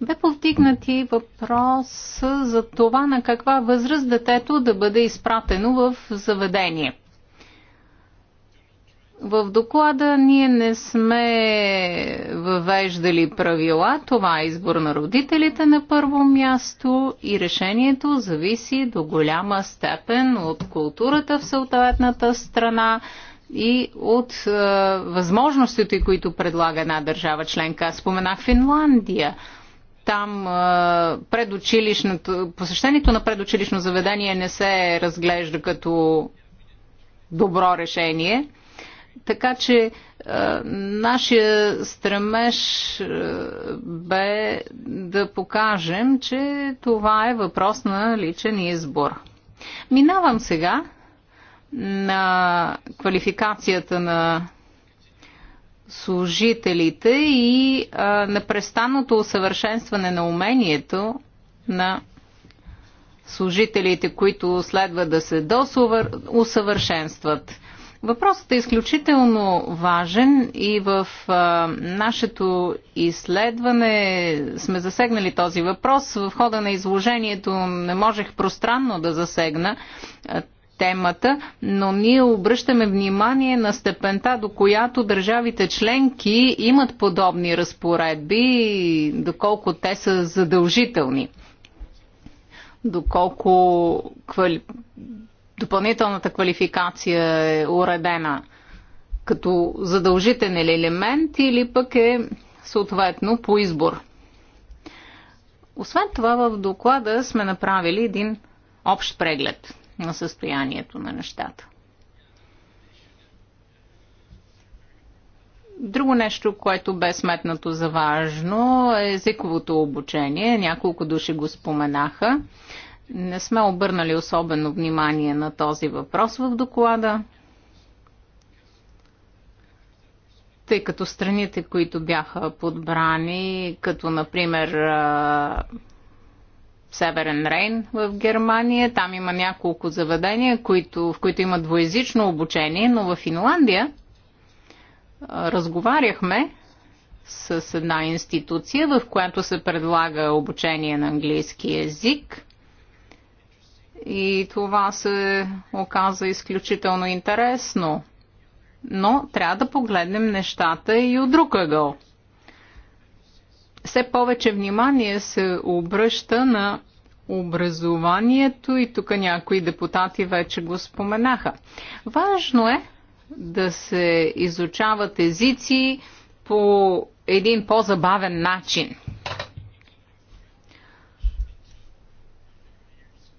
Бе повдигнати въпрос за това на каква възраст детето да бъде изпратено в заведение – в доклада ние не сме въвеждали правила. Това е избор на родителите на първо място и решението зависи до голяма степен от културата в съответната страна и от е, възможностите, които предлага една държава членка. Аз споменах Финландия там е, предучилищното, посещението на предучилищно заведение не се разглежда като добро решение. Така че а, е, нашия стремеж а, е, бе да покажем, че това е въпрос на личен избор. Минавам сега на квалификацията на служителите и е, а, непрестанното усъвършенстване на умението на служителите, които следва да се досувър... усъвършенстват. Въпросът е изключително важен и в а, нашето изследване сме засегнали този въпрос. В хода на изложението не можех пространно да засегна а, темата, но ние обръщаме внимание на степента, до която държавите членки имат подобни разпоредби, доколко те са задължителни доколко квали допълнителната квалификация е уредена като задължителен елемент или пък е съответно по избор. Освен това, в доклада сме направили един общ преглед на състоянието на нещата. Друго нещо, което бе сметнато за важно е езиковото обучение. Няколко души го споменаха. Не сме обърнали особено внимание на този въпрос в доклада, тъй като страните, които бяха подбрани, като например Северен Рейн в Германия, там има няколко заведения, които, в които има двоязично обучение, но в Финландия разговаряхме с една институция, в която се предлага обучение на английски язик. И това се оказа изключително интересно. Но трябва да погледнем нещата и от друг ъгъл. Все повече внимание се обръща на образованието и тук някои депутати вече го споменаха. Важно е да се изучават езици по един по-забавен начин.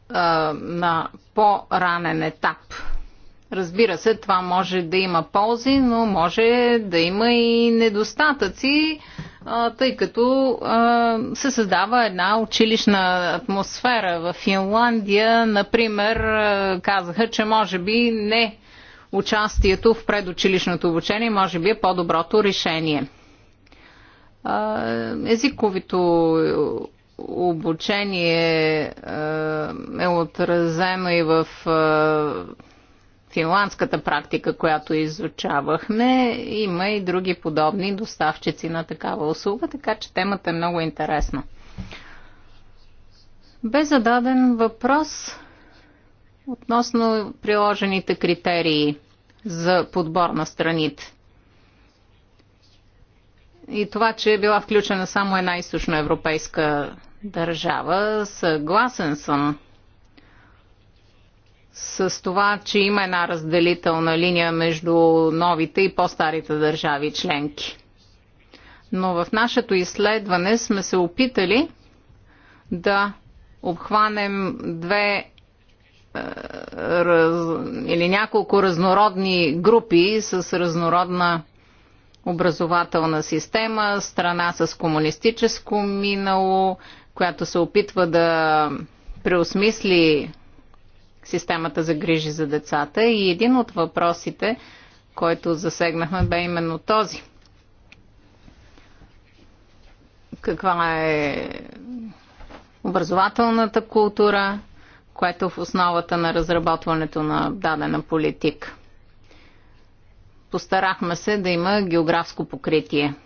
на по-ранен етап. Разбира се, това може да има ползи, но може да има и недостатъци, тъй като се създава една училищна атмосфера. В Финландия, например, казаха, че може би не участието в предучилищното обучение може би е по-доброто решение. Езиковито обучение е, е отразено и в е, финландската практика, която изучавахме. Има и други подобни доставчици на такава услуга, така че темата е много интересна. Бе зададен въпрос относно приложените критерии за подбор на страните. И това, че е била включена само една източно европейска държава. Съгласен съм с това, че има една разделителна линия между новите и по-старите държави членки. Но в нашето изследване сме се опитали да обхванем две е, раз, или няколко разнородни групи с разнородна образователна система, страна с комунистическо минало, която се опитва да преосмисли системата за грижи за децата и един от въпросите, който засегнахме, бе именно този. Каква е образователната култура, която е в основата на разработването на дадена политика. Постарахме се да има географско покритие –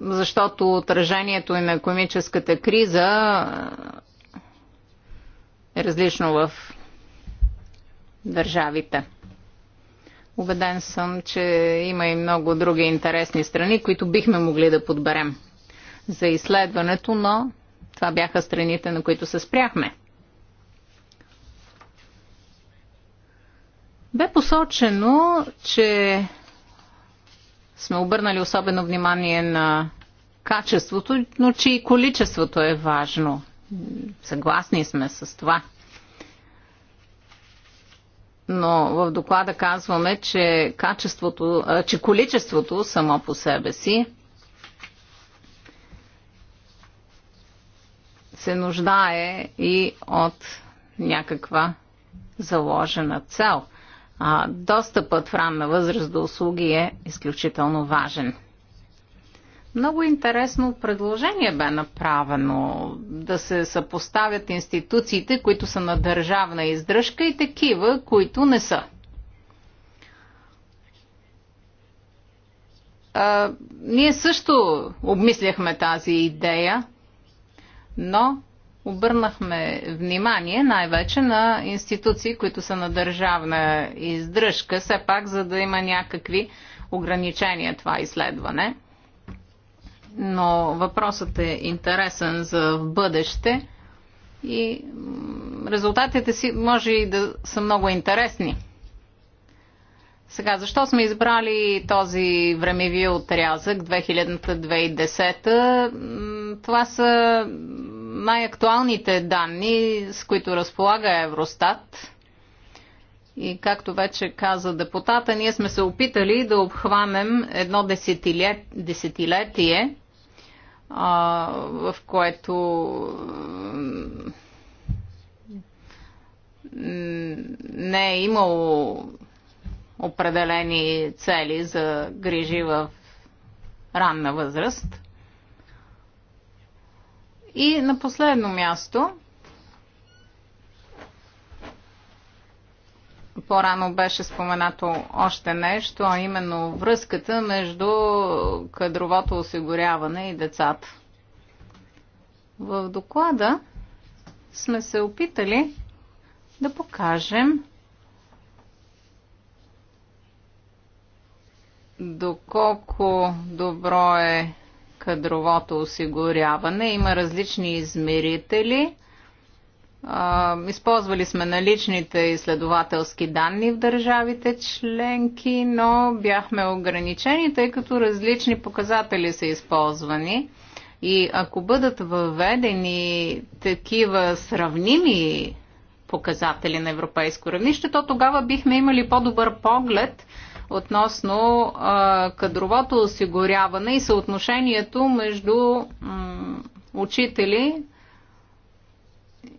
защото отражението и на економическата криза е различно в държавите. Убеден съм, че има и много други интересни страни, които бихме могли да подберем за изследването, но това бяха страните, на които се спряхме. Бе посочено, че сме обърнали особено внимание на качеството, но че и количеството е важно. Съгласни сме с това. Но в доклада казваме, че, качеството, че количеството само по себе си се нуждае и от някаква заложена цел – а, достъпът в ранна възраст до услуги е изключително важен. Много интересно предложение бе направено да се съпоставят институциите, които са на държавна издръжка и такива, които не са. А, ние също обмисляхме тази идея, но Обърнахме внимание най-вече на институции, които са на държавна издръжка, все пак за да има някакви ограничения това изследване. Но въпросът е интересен за в бъдеще и резултатите си може и да са много интересни. Сега, защо сме избрали този времеви отрязък 2000-2010? Това са най-актуалните данни, с които разполага Евростат. И както вече каза депутата, ние сме се опитали да обхванем едно десетилетие, десетилетие а, в което не е имало определени цели за грижи в ранна възраст. И на последно място, по-рано беше споменато още нещо, а именно връзката между кадровото осигуряване и децата. В доклада сме се опитали да покажем доколко добро е кадровото осигуряване. Има различни измерители. Използвали сме наличните изследователски данни в държавите членки, но бяхме ограничени, тъй като различни показатели са използвани. И ако бъдат въведени такива сравними показатели на европейско равнище, то тогава бихме имали по-добър поглед относно кадровото осигуряване и съотношението между учители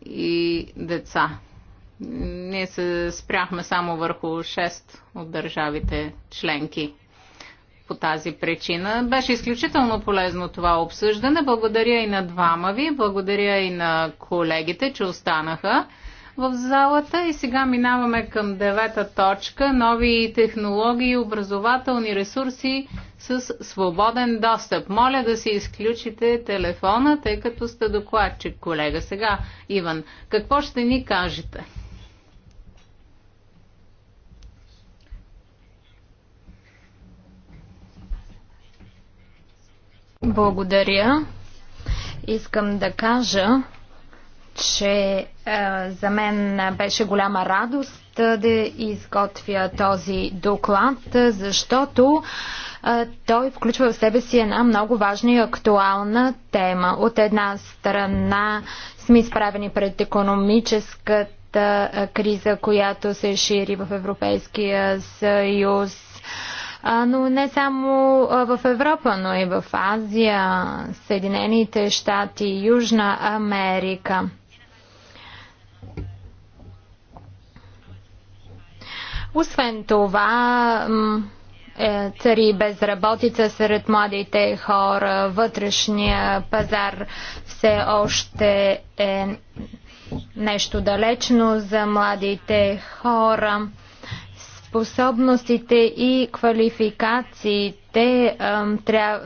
и деца. Ние се спряхме само върху 6 от държавите членки по тази причина. Беше изключително полезно това обсъждане. Благодаря и на двама ви, благодаря и на колегите, че останаха в залата и сега минаваме към девета точка нови технологии и образователни ресурси с свободен достъп. Моля да си изключите телефона, тъй като сте докладчик, колега. Сега, Иван, какво ще ни кажете? Благодаря. Искам да кажа, че а, е, за мен беше голяма радост е, да изготвя този доклад, е, защото а, той включва в себе си една много важна и актуална тема. От една страна сме изправени пред економическата криза, която се шири в Европейския съюз. Но не само в Европа, но и в Азия, Съединените щати, Южна Америка. Освен това, е, цари безработица сред младите хора, вътрешния пазар все още е нещо далечно за младите хора. Способностите и квалификациите е,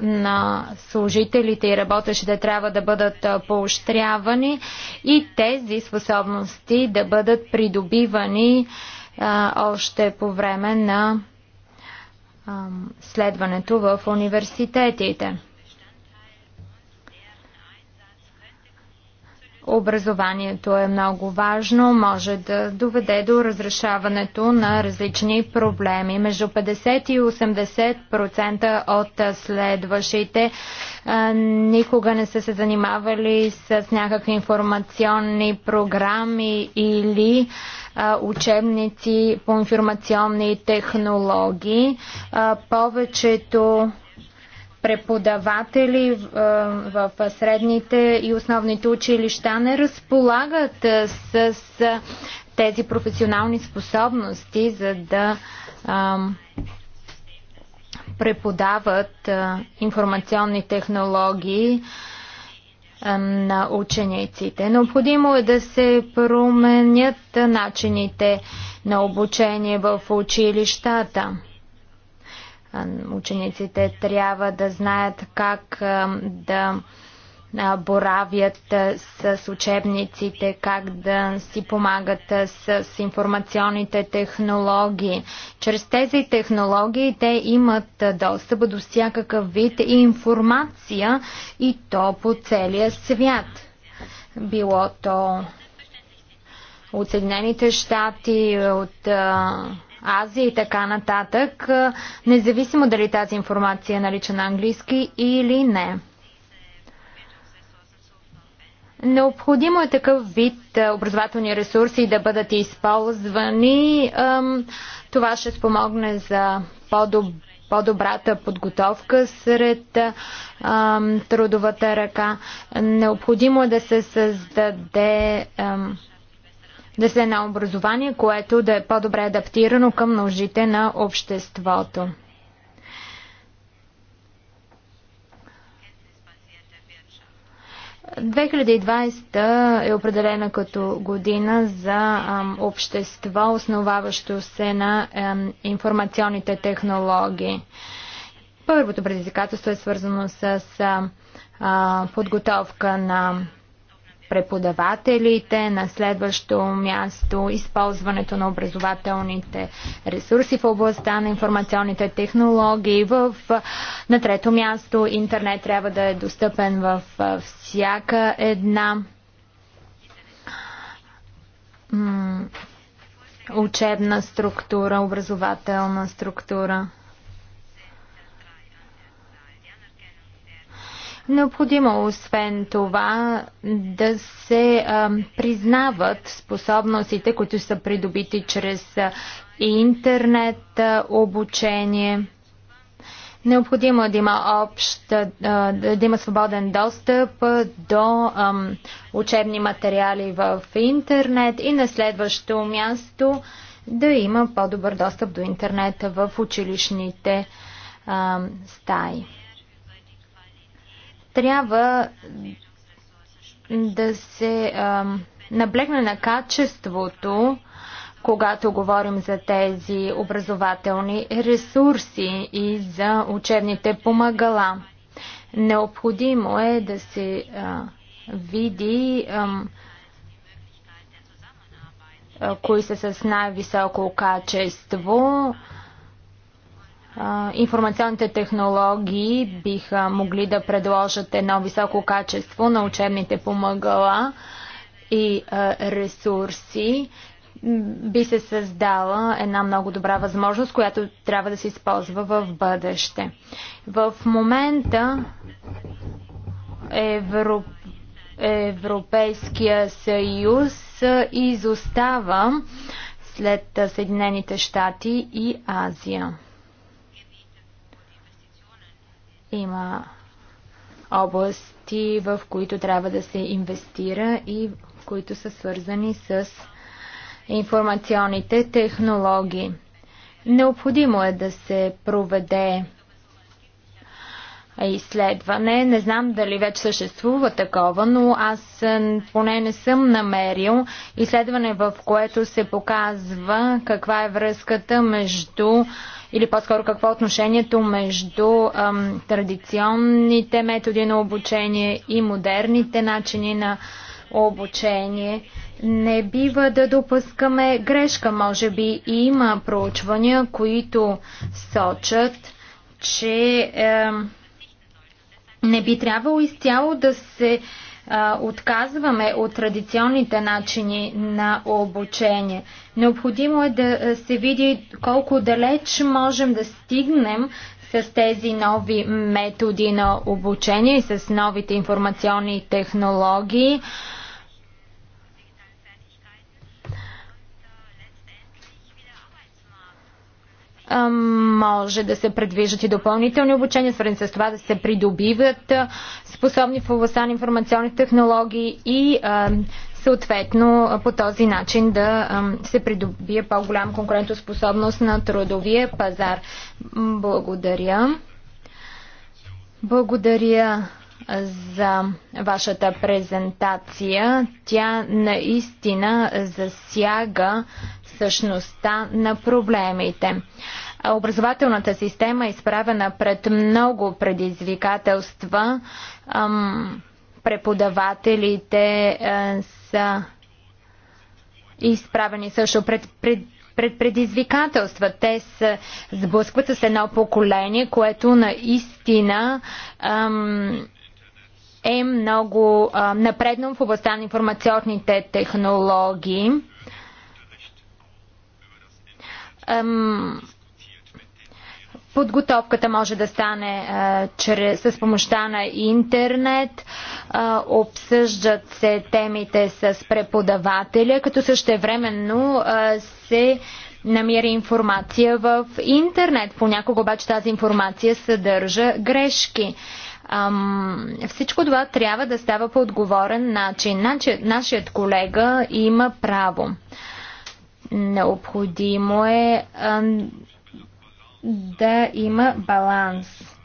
на служителите и работещите трябва да бъдат е, поощрявани и тези способности да бъдат придобивани а, още по време на а, следването в университетите. Образованието е много важно, може да доведе до разрешаването на различни проблеми. Между 50 и 80% от следващите а, никога не са се занимавали с някакви информационни програми или учебници по информационни технологии. Повечето преподаватели в средните и основните училища не разполагат с тези професионални способности, за да преподават информационни технологии на учениците. Необходимо е да се променят начините на обучение в училищата. Учениците трябва да знаят как да боравят с учебниците, как да си помагат с информационните технологии. Чрез тези технологии те имат достъп до всякакъв вид информация и то по целия свят. Било то от Съединените щати, от Азия и така нататък, независимо дали тази информация е налична на английски или не. Необходимо е такъв вид е, образователни ресурси да бъдат използвани. Това ще спомогне за по-добрата подготовка сред трудовата ръка. Необходимо е да се създаде да се е на образование, което да е по-добре адаптирано към нуждите на обществото. 2020 е определена като година за общество, основаващо се на информационните технологии. Първото предизвикателство е свързано с подготовка на преподавателите, на следващо място използването на образователните ресурси в областта на информационните технологии, в, на трето място интернет трябва да е достъпен в всяка една учебна структура, образователна структура. Необходимо освен това да се а, признават способностите, които са придобити чрез интернет обучение. Необходимо е да има, общ, да има свободен достъп до а, учебни материали в интернет и на следващо място да има по-добър достъп до интернет в училищните а, стаи. Трябва да се а, наблегне на качеството, когато говорим за тези образователни ресурси и за учебните помагала. Необходимо е да се а, види а, кои са с най-високо качество, информационните технологии биха могли да предложат едно високо качество на учебните помагала и ресурси, би се създала една много добра възможност, която трябва да се използва в бъдеще. В момента Европ... Европейския съюз изостава след Съединените щати и Азия. Има области, в които трябва да се инвестира и които са свързани с информационните технологии. Необходимо е да се проведе изследване. Не знам дали вече съществува такова, но аз поне не съм намерил изследване, в което се показва каква е връзката между или по-скоро какво е отношението между ам, традиционните методи на обучение и модерните начини на обучение. Не бива да допускаме грешка. Може би има проучвания, които сочат, че ам, не би трябвало изцяло да се отказваме от традиционните начини на обучение. Необходимо е да се види колко далеч можем да стигнем с тези нови методи на обучение и с новите информационни технологии. може да се предвиждат и допълнителни обучения, свързани с това да се придобиват способни в областта на информационни технологии и съответно по този начин да се придобие по-голяма конкурентоспособност на трудовия пазар. Благодаря. Благодаря за вашата презентация. Тя наистина засяга същността на проблемите. Образователната система е изправена пред много предизвикателства. Преподавателите е, са изправени също пред, пред пред предизвикателства. Те се сблъскват с едно поколение, което наистина е много напредно в областта на информационните технологии подготовката може да стане а, чрез, с помощта на интернет, а, обсъждат се темите с преподавателя, като същевременно а, се намира информация в интернет. Понякога обаче тази информация съдържа грешки. Ам, всичко това трябва да става по отговорен начин. Значи, нашият колега има право. Необходимо е да има баланс.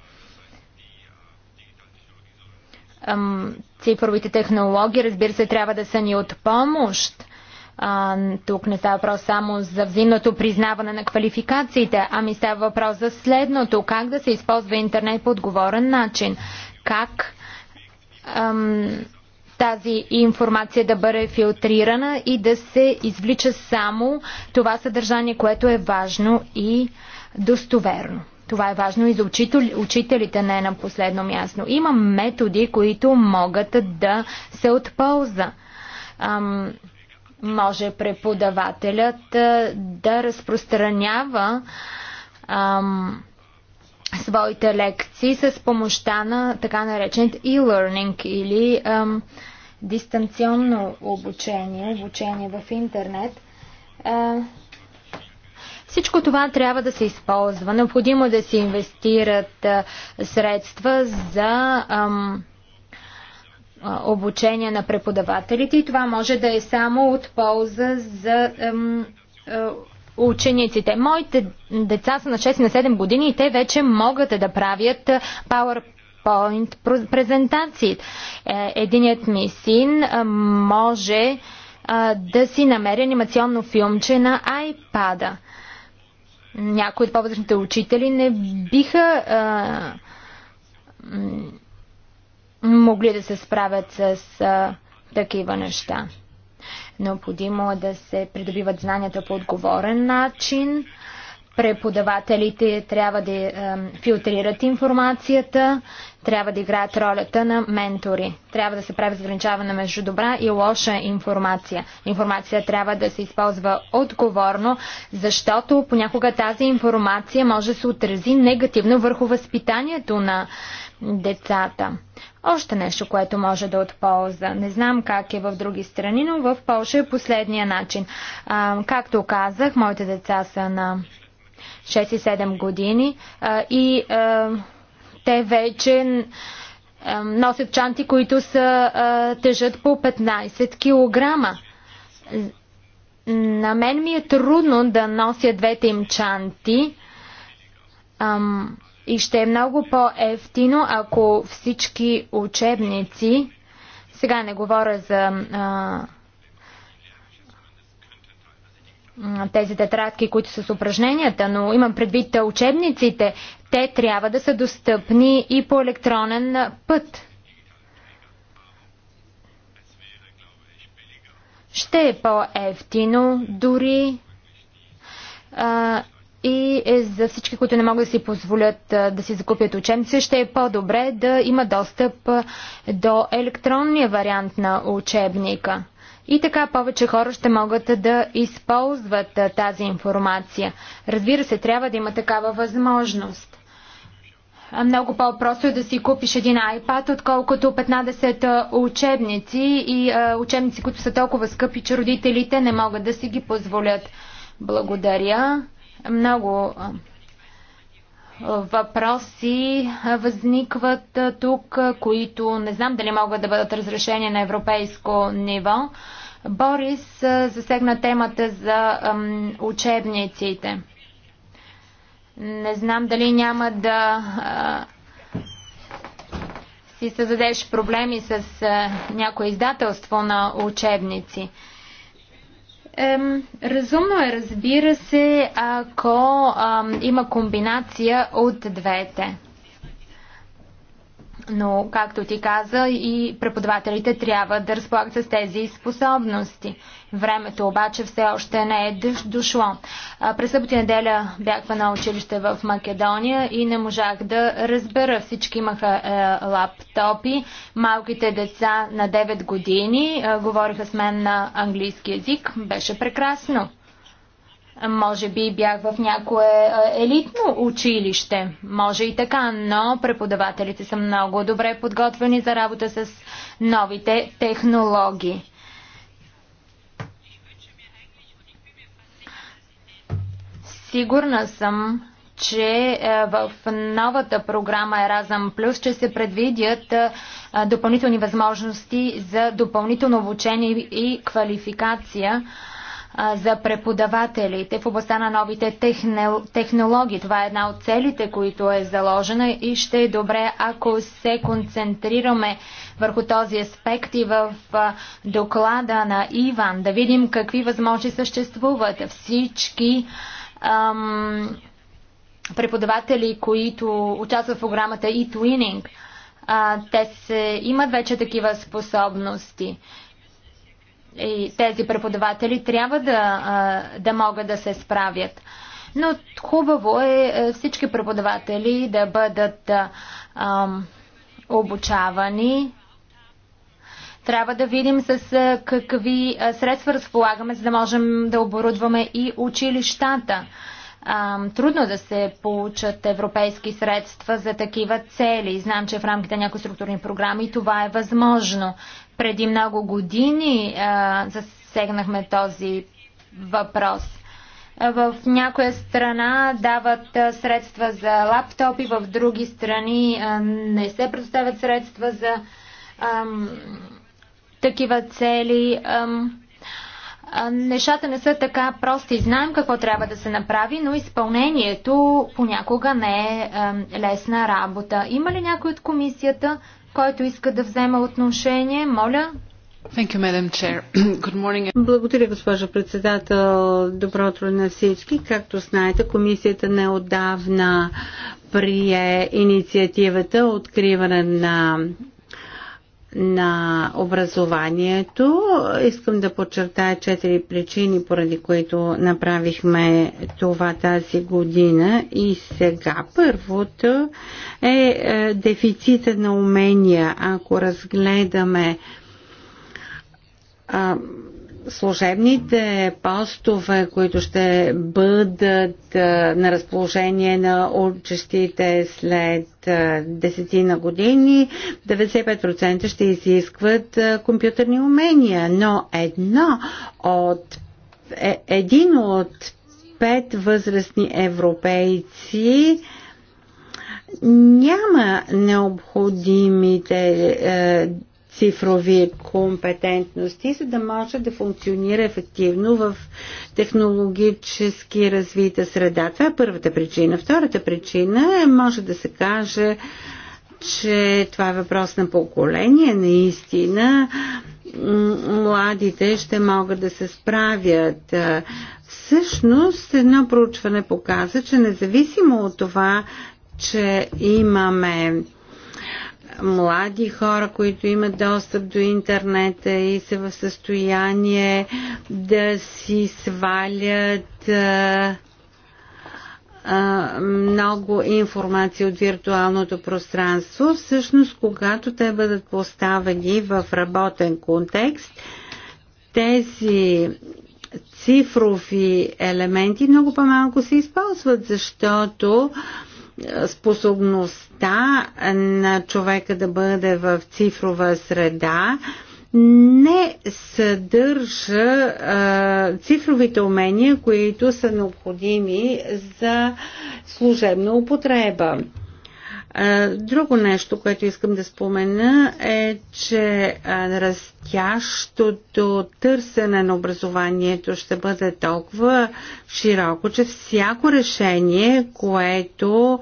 Цифровите технологии, разбира се, трябва да са ни от помощ. тук не става въпрос само за взаимното признаване на квалификациите, ами става въпрос за следното. Как да се използва интернет по отговорен начин? Как ам, тази информация да бъде филтрирана и да се извлича само това съдържание, което е важно и достоверно. Това е важно и за учителите, не на последно място. Има методи, които могат да се от Ам, може преподавателят да разпространява ам, своите лекции с помощта на така наречените e-learning или ам, дистанционно обучение, обучение в интернет. Всичко това трябва да се използва. Необходимо е да се инвестират средства за обучение на преподавателите и това може да е само от полза за учениците. Моите деца са на 6 на 7 години и те вече могат да правят PowerPoint PowerPoint презентации. Е, единият ми син е, може е, да си намери анимационно филмче на iPad-а. Някои от повечето учители не биха а, могли да се справят с а, такива неща. Необходимо е да се придобиват знанията по отговорен начин Преподавателите трябва да е, филтрират информацията, трябва да играят ролята на ментори. Трябва да се прави заграничаване между добра и лоша информация. Информация трябва да се използва отговорно, защото понякога тази информация може да се отрази негативно върху възпитанието на децата. Още нещо, което може да отполза. Не знам как е в други страни, но в Польша е последния начин. А, както казах, моите деца са на 6 и 7 години и те вече носят чанти, които са, тежат по 15 кг. На мен ми е трудно да нося двете им чанти и ще е много по-ефтино, ако всички учебници, сега не говоря за а, тези тетрадки, които са с упражненията, но имам предвид учебниците, те трябва да са достъпни и по електронен път. Ще е по-ефтино дори а, и е за всички, които не могат да си позволят а, да си закупят учебници, ще е по-добре да има достъп а, до електронния вариант на учебника. И така повече хора ще могат да използват тази информация. Разбира се, трябва да има такава възможност. Много по-просто е да си купиш един iPad, отколкото 15 учебници и учебници, които са толкова скъпи, че родителите не могат да си ги позволят. Благодаря. Много въпроси възникват тук, които не знам дали могат да бъдат разрешени на европейско ниво. Борис засегна темата за учебниците. Не знам дали няма да си създадеш проблеми с някое издателство на учебници. Ем, разумно е, разбира се, ако ем, има комбинация от двете. Но, както ти каза, и преподавателите трябва да разполагат с тези способности. Времето обаче все още не е дошло. През събота неделя бях на училище в Македония и не можах да разбера. Всички имаха е, лаптопи. Малките деца на 9 години е, говориха с мен на английски язик. Беше прекрасно. Може би бях в някое елитно училище, може и така, но преподавателите са много добре подготвени за работа с новите технологии. Сигурна съм, че в новата програма Еразъм Плюс ще се предвидят допълнителни възможности за допълнително обучение и квалификация за преподавателите в областта на новите технологии. Това е една от целите, които е заложена и ще е добре, ако се концентрираме върху този аспект и в доклада на Иван, да видим какви възможности съществуват. Всички ам, преподаватели, които участват в програмата e-twinning, те се, имат вече такива способности и тези преподаватели трябва да, да могат да се справят. Но хубаво е, е всички преподаватели да бъдат ам, обучавани. Трябва да видим с какви средства разполагаме, за да можем да оборудваме и училищата. Ам, трудно да се получат европейски средства за такива цели. Знам, че в рамките на някои структурни програми това е възможно. Преди много години а, засегнахме този въпрос. В някоя страна дават средства за лаптопи, в други страни а, не се предоставят средства за ам, такива цели. Ам, Нещата не са така прости. Знаем какво трябва да се направи, но изпълнението понякога не е лесна работа. Има ли някой от комисията, който иска да взема отношение? Моля. You, Благодаря, госпожо председател. Добро утро на всички. Както знаете, комисията неодавна прие инициативата откриване на на образованието. Искам да подчертая четири причини, поради които направихме това тази година и сега. Първото е, е дефицита на умения. Ако разгледаме служебните постове, които ще бъдат на разположение на учещите след десетина години, 95% ще изискват компютърни умения, но едно от е, един от пет възрастни европейци няма необходимите е, цифрови компетентности, за да може да функционира ефективно в технологически развита среда. Това е първата причина. Втората причина е, може да се каже, че това е въпрос на поколение, наистина младите ще могат да се справят. Всъщност, едно проучване показа, че независимо от това, че имаме млади хора, които имат достъп до интернета и са в състояние да си свалят а, а, много информация от виртуалното пространство. Всъщност, когато те бъдат поставени в работен контекст, тези цифрови елементи много по-малко се използват, защото а, способността на човека да бъде в цифрова среда не съдържа а, цифровите умения, които са необходими за служебна употреба. Друго нещо, което искам да спомена е, че растящото търсене на образованието ще бъде толкова широко, че всяко решение, което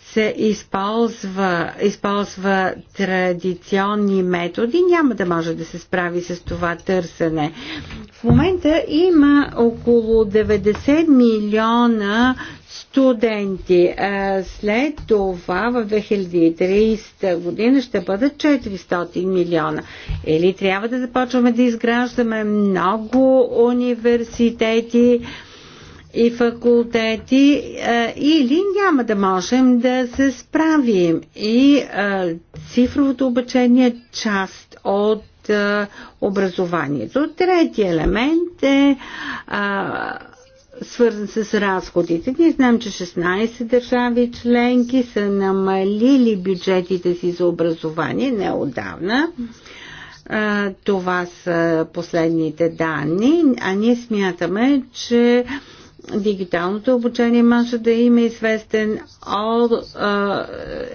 се използва, използва традиционни методи, няма да може да се справи с това търсене. В момента има около 90 милиона студенти. След това в 2030 година ще бъдат 400 милиона. Или трябва да започваме да изграждаме много университети, и факултети или няма да можем да се справим. И цифровото обучение е част от образованието. Третия елемент е свързан с разходите. Ние знаем, че 16 държави членки са намалили бюджетите си за образование неодавна. Това са последните данни, а ние смятаме, че дигиталното обучение може да има известен ол, а,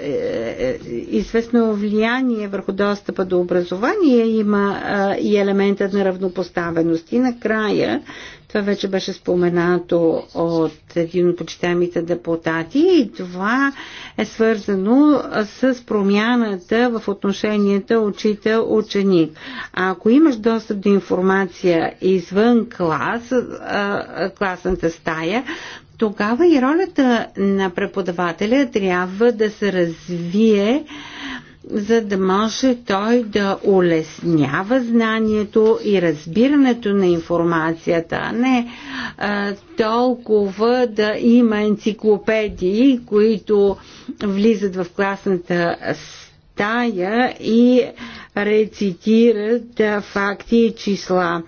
е, е, известно влияние върху достъпа до образование, има а, и елементът на равнопоставеност. И накрая това вече беше споменато от един от почитаемите депутати и това е свързано с промяната в отношенията учител-ученик. Ако имаш достъп до информация извън клас, класната стая, тогава и ролята на преподавателя трябва да се развие за да може той да улеснява знанието и разбирането на информацията, а не а, толкова да има енциклопедии, които влизат в класната стая и рецитират факти и числа.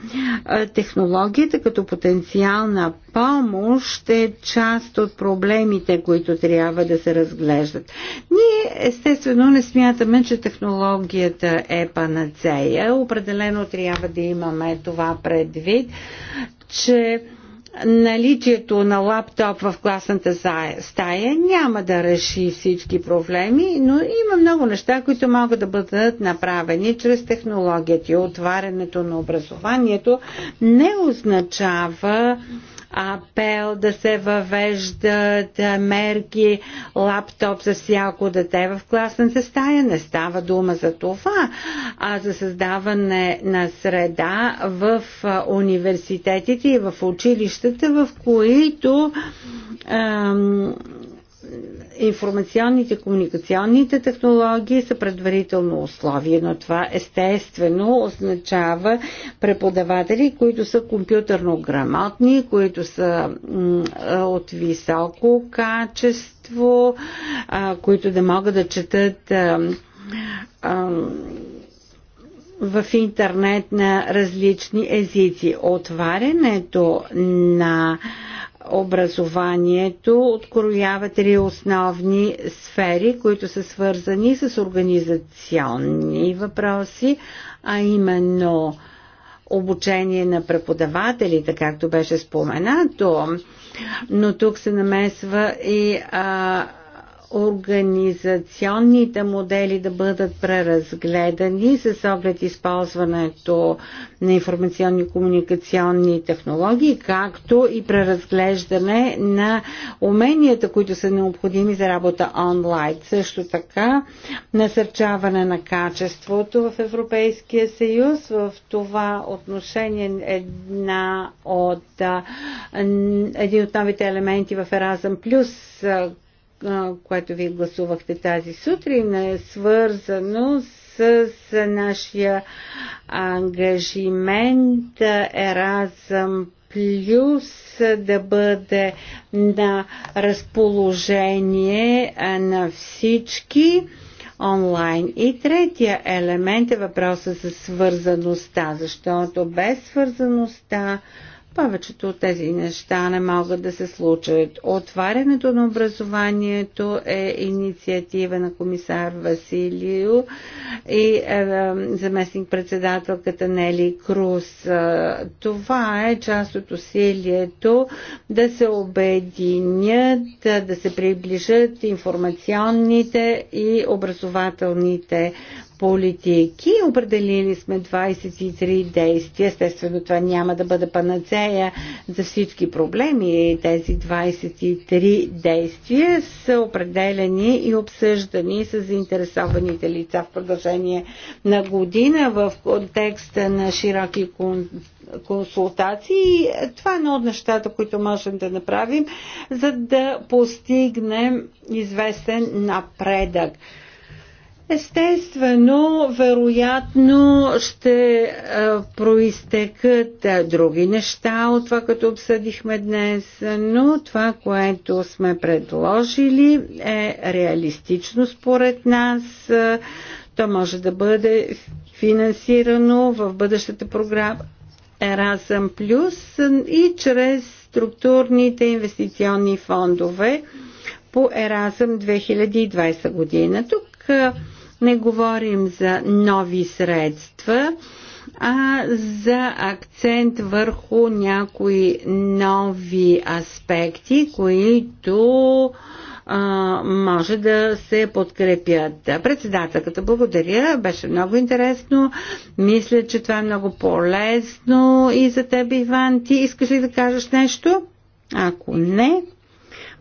Технологията като потенциална помощ е част от проблемите, които трябва да се разглеждат. Ние естествено не смятаме, че технологията е панацея. Определено трябва да имаме това предвид, че наличието на лаптоп в класната стая няма да реши всички проблеми, но има много неща, които могат да бъдат направени чрез технологията и отварянето на образованието не означава апел да се въвеждат мерки лаптоп за всяко дете в класната стая. Не става дума за това, а за създаване на среда в университетите и в училищата, в които ам, информационните и комуникационните технологии са предварително условие, но това естествено означава преподаватели, които са компютърно грамотни, които са от високо качество, които да могат да четат в интернет на различни езици. Отварянето на а, образованието откроява три основни сфери, които са свързани с организационни въпроси, а именно обучение на преподавателите, както беше споменато, но тук се намесва и а, организационните модели да бъдат преразгледани с оглед използването на информационни и комуникационни технологии, както и преразглеждане на уменията, които са необходими за работа онлайн. Също така насърчаване на качеството в Европейския съюз. В това отношение една от, един от новите елементи в Еразъм Плюс, което вие гласувахте тази сутрин, е свързано с, с нашия ангажимент Еразъм плюс да бъде на разположение на всички онлайн. И третия елемент е въпроса за свързаността, защото без свързаността повечето от тези неща не могат да се случат. Отварянето на образованието е инициатива на комисар Василио и е, е заместник-председателката Нели Круз. Е, това е част от усилието да се обединят, е, да се приближат информационните и образователните политики. Определили сме 23 действия. Естествено, това няма да бъде панацея за всички проблеми. Тези 23 действия са определени и обсъждани с заинтересованите лица в продължение на година в контекста на широки консултации. Това е едно от нещата, които можем да направим, за да постигнем известен напредък. Естествено, вероятно ще проистекат други неща от това, като обсъдихме днес, но това, което сме предложили е реалистично според нас. То може да бъде финансирано в бъдещата програма Erasm Plus и чрез структурните инвестиционни фондове по Еразъм 2020 година. Тук не говорим за нови средства, а за акцент върху някои нови аспекти, които а, може да се подкрепят. Председателката, благодаря, беше много интересно. Мисля, че това е много полезно и за теб, Иван. Ти искаш ли да кажеш нещо? Ако не,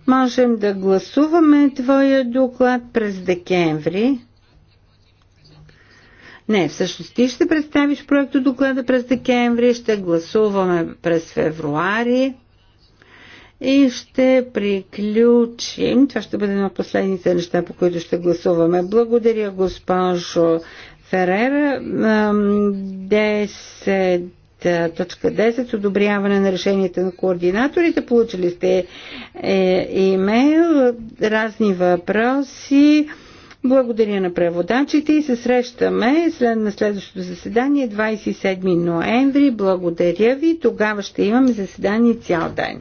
можем да гласуваме твоя доклад през декември. Не, всъщност ти ще представиш проекто доклада през декември, ще гласуваме през февруари и ще приключим. Това ще бъде едно от последните неща, по които ще гласуваме. Благодаря, госпожо Ферера. 10 Точка 10. Одобряване на решенията на координаторите. Получили сте е, имейл, разни въпроси. Благодаря на преводачите и се срещаме след, на следващото заседание 27 ноември. Благодаря ви. Тогава ще имаме заседание цял ден.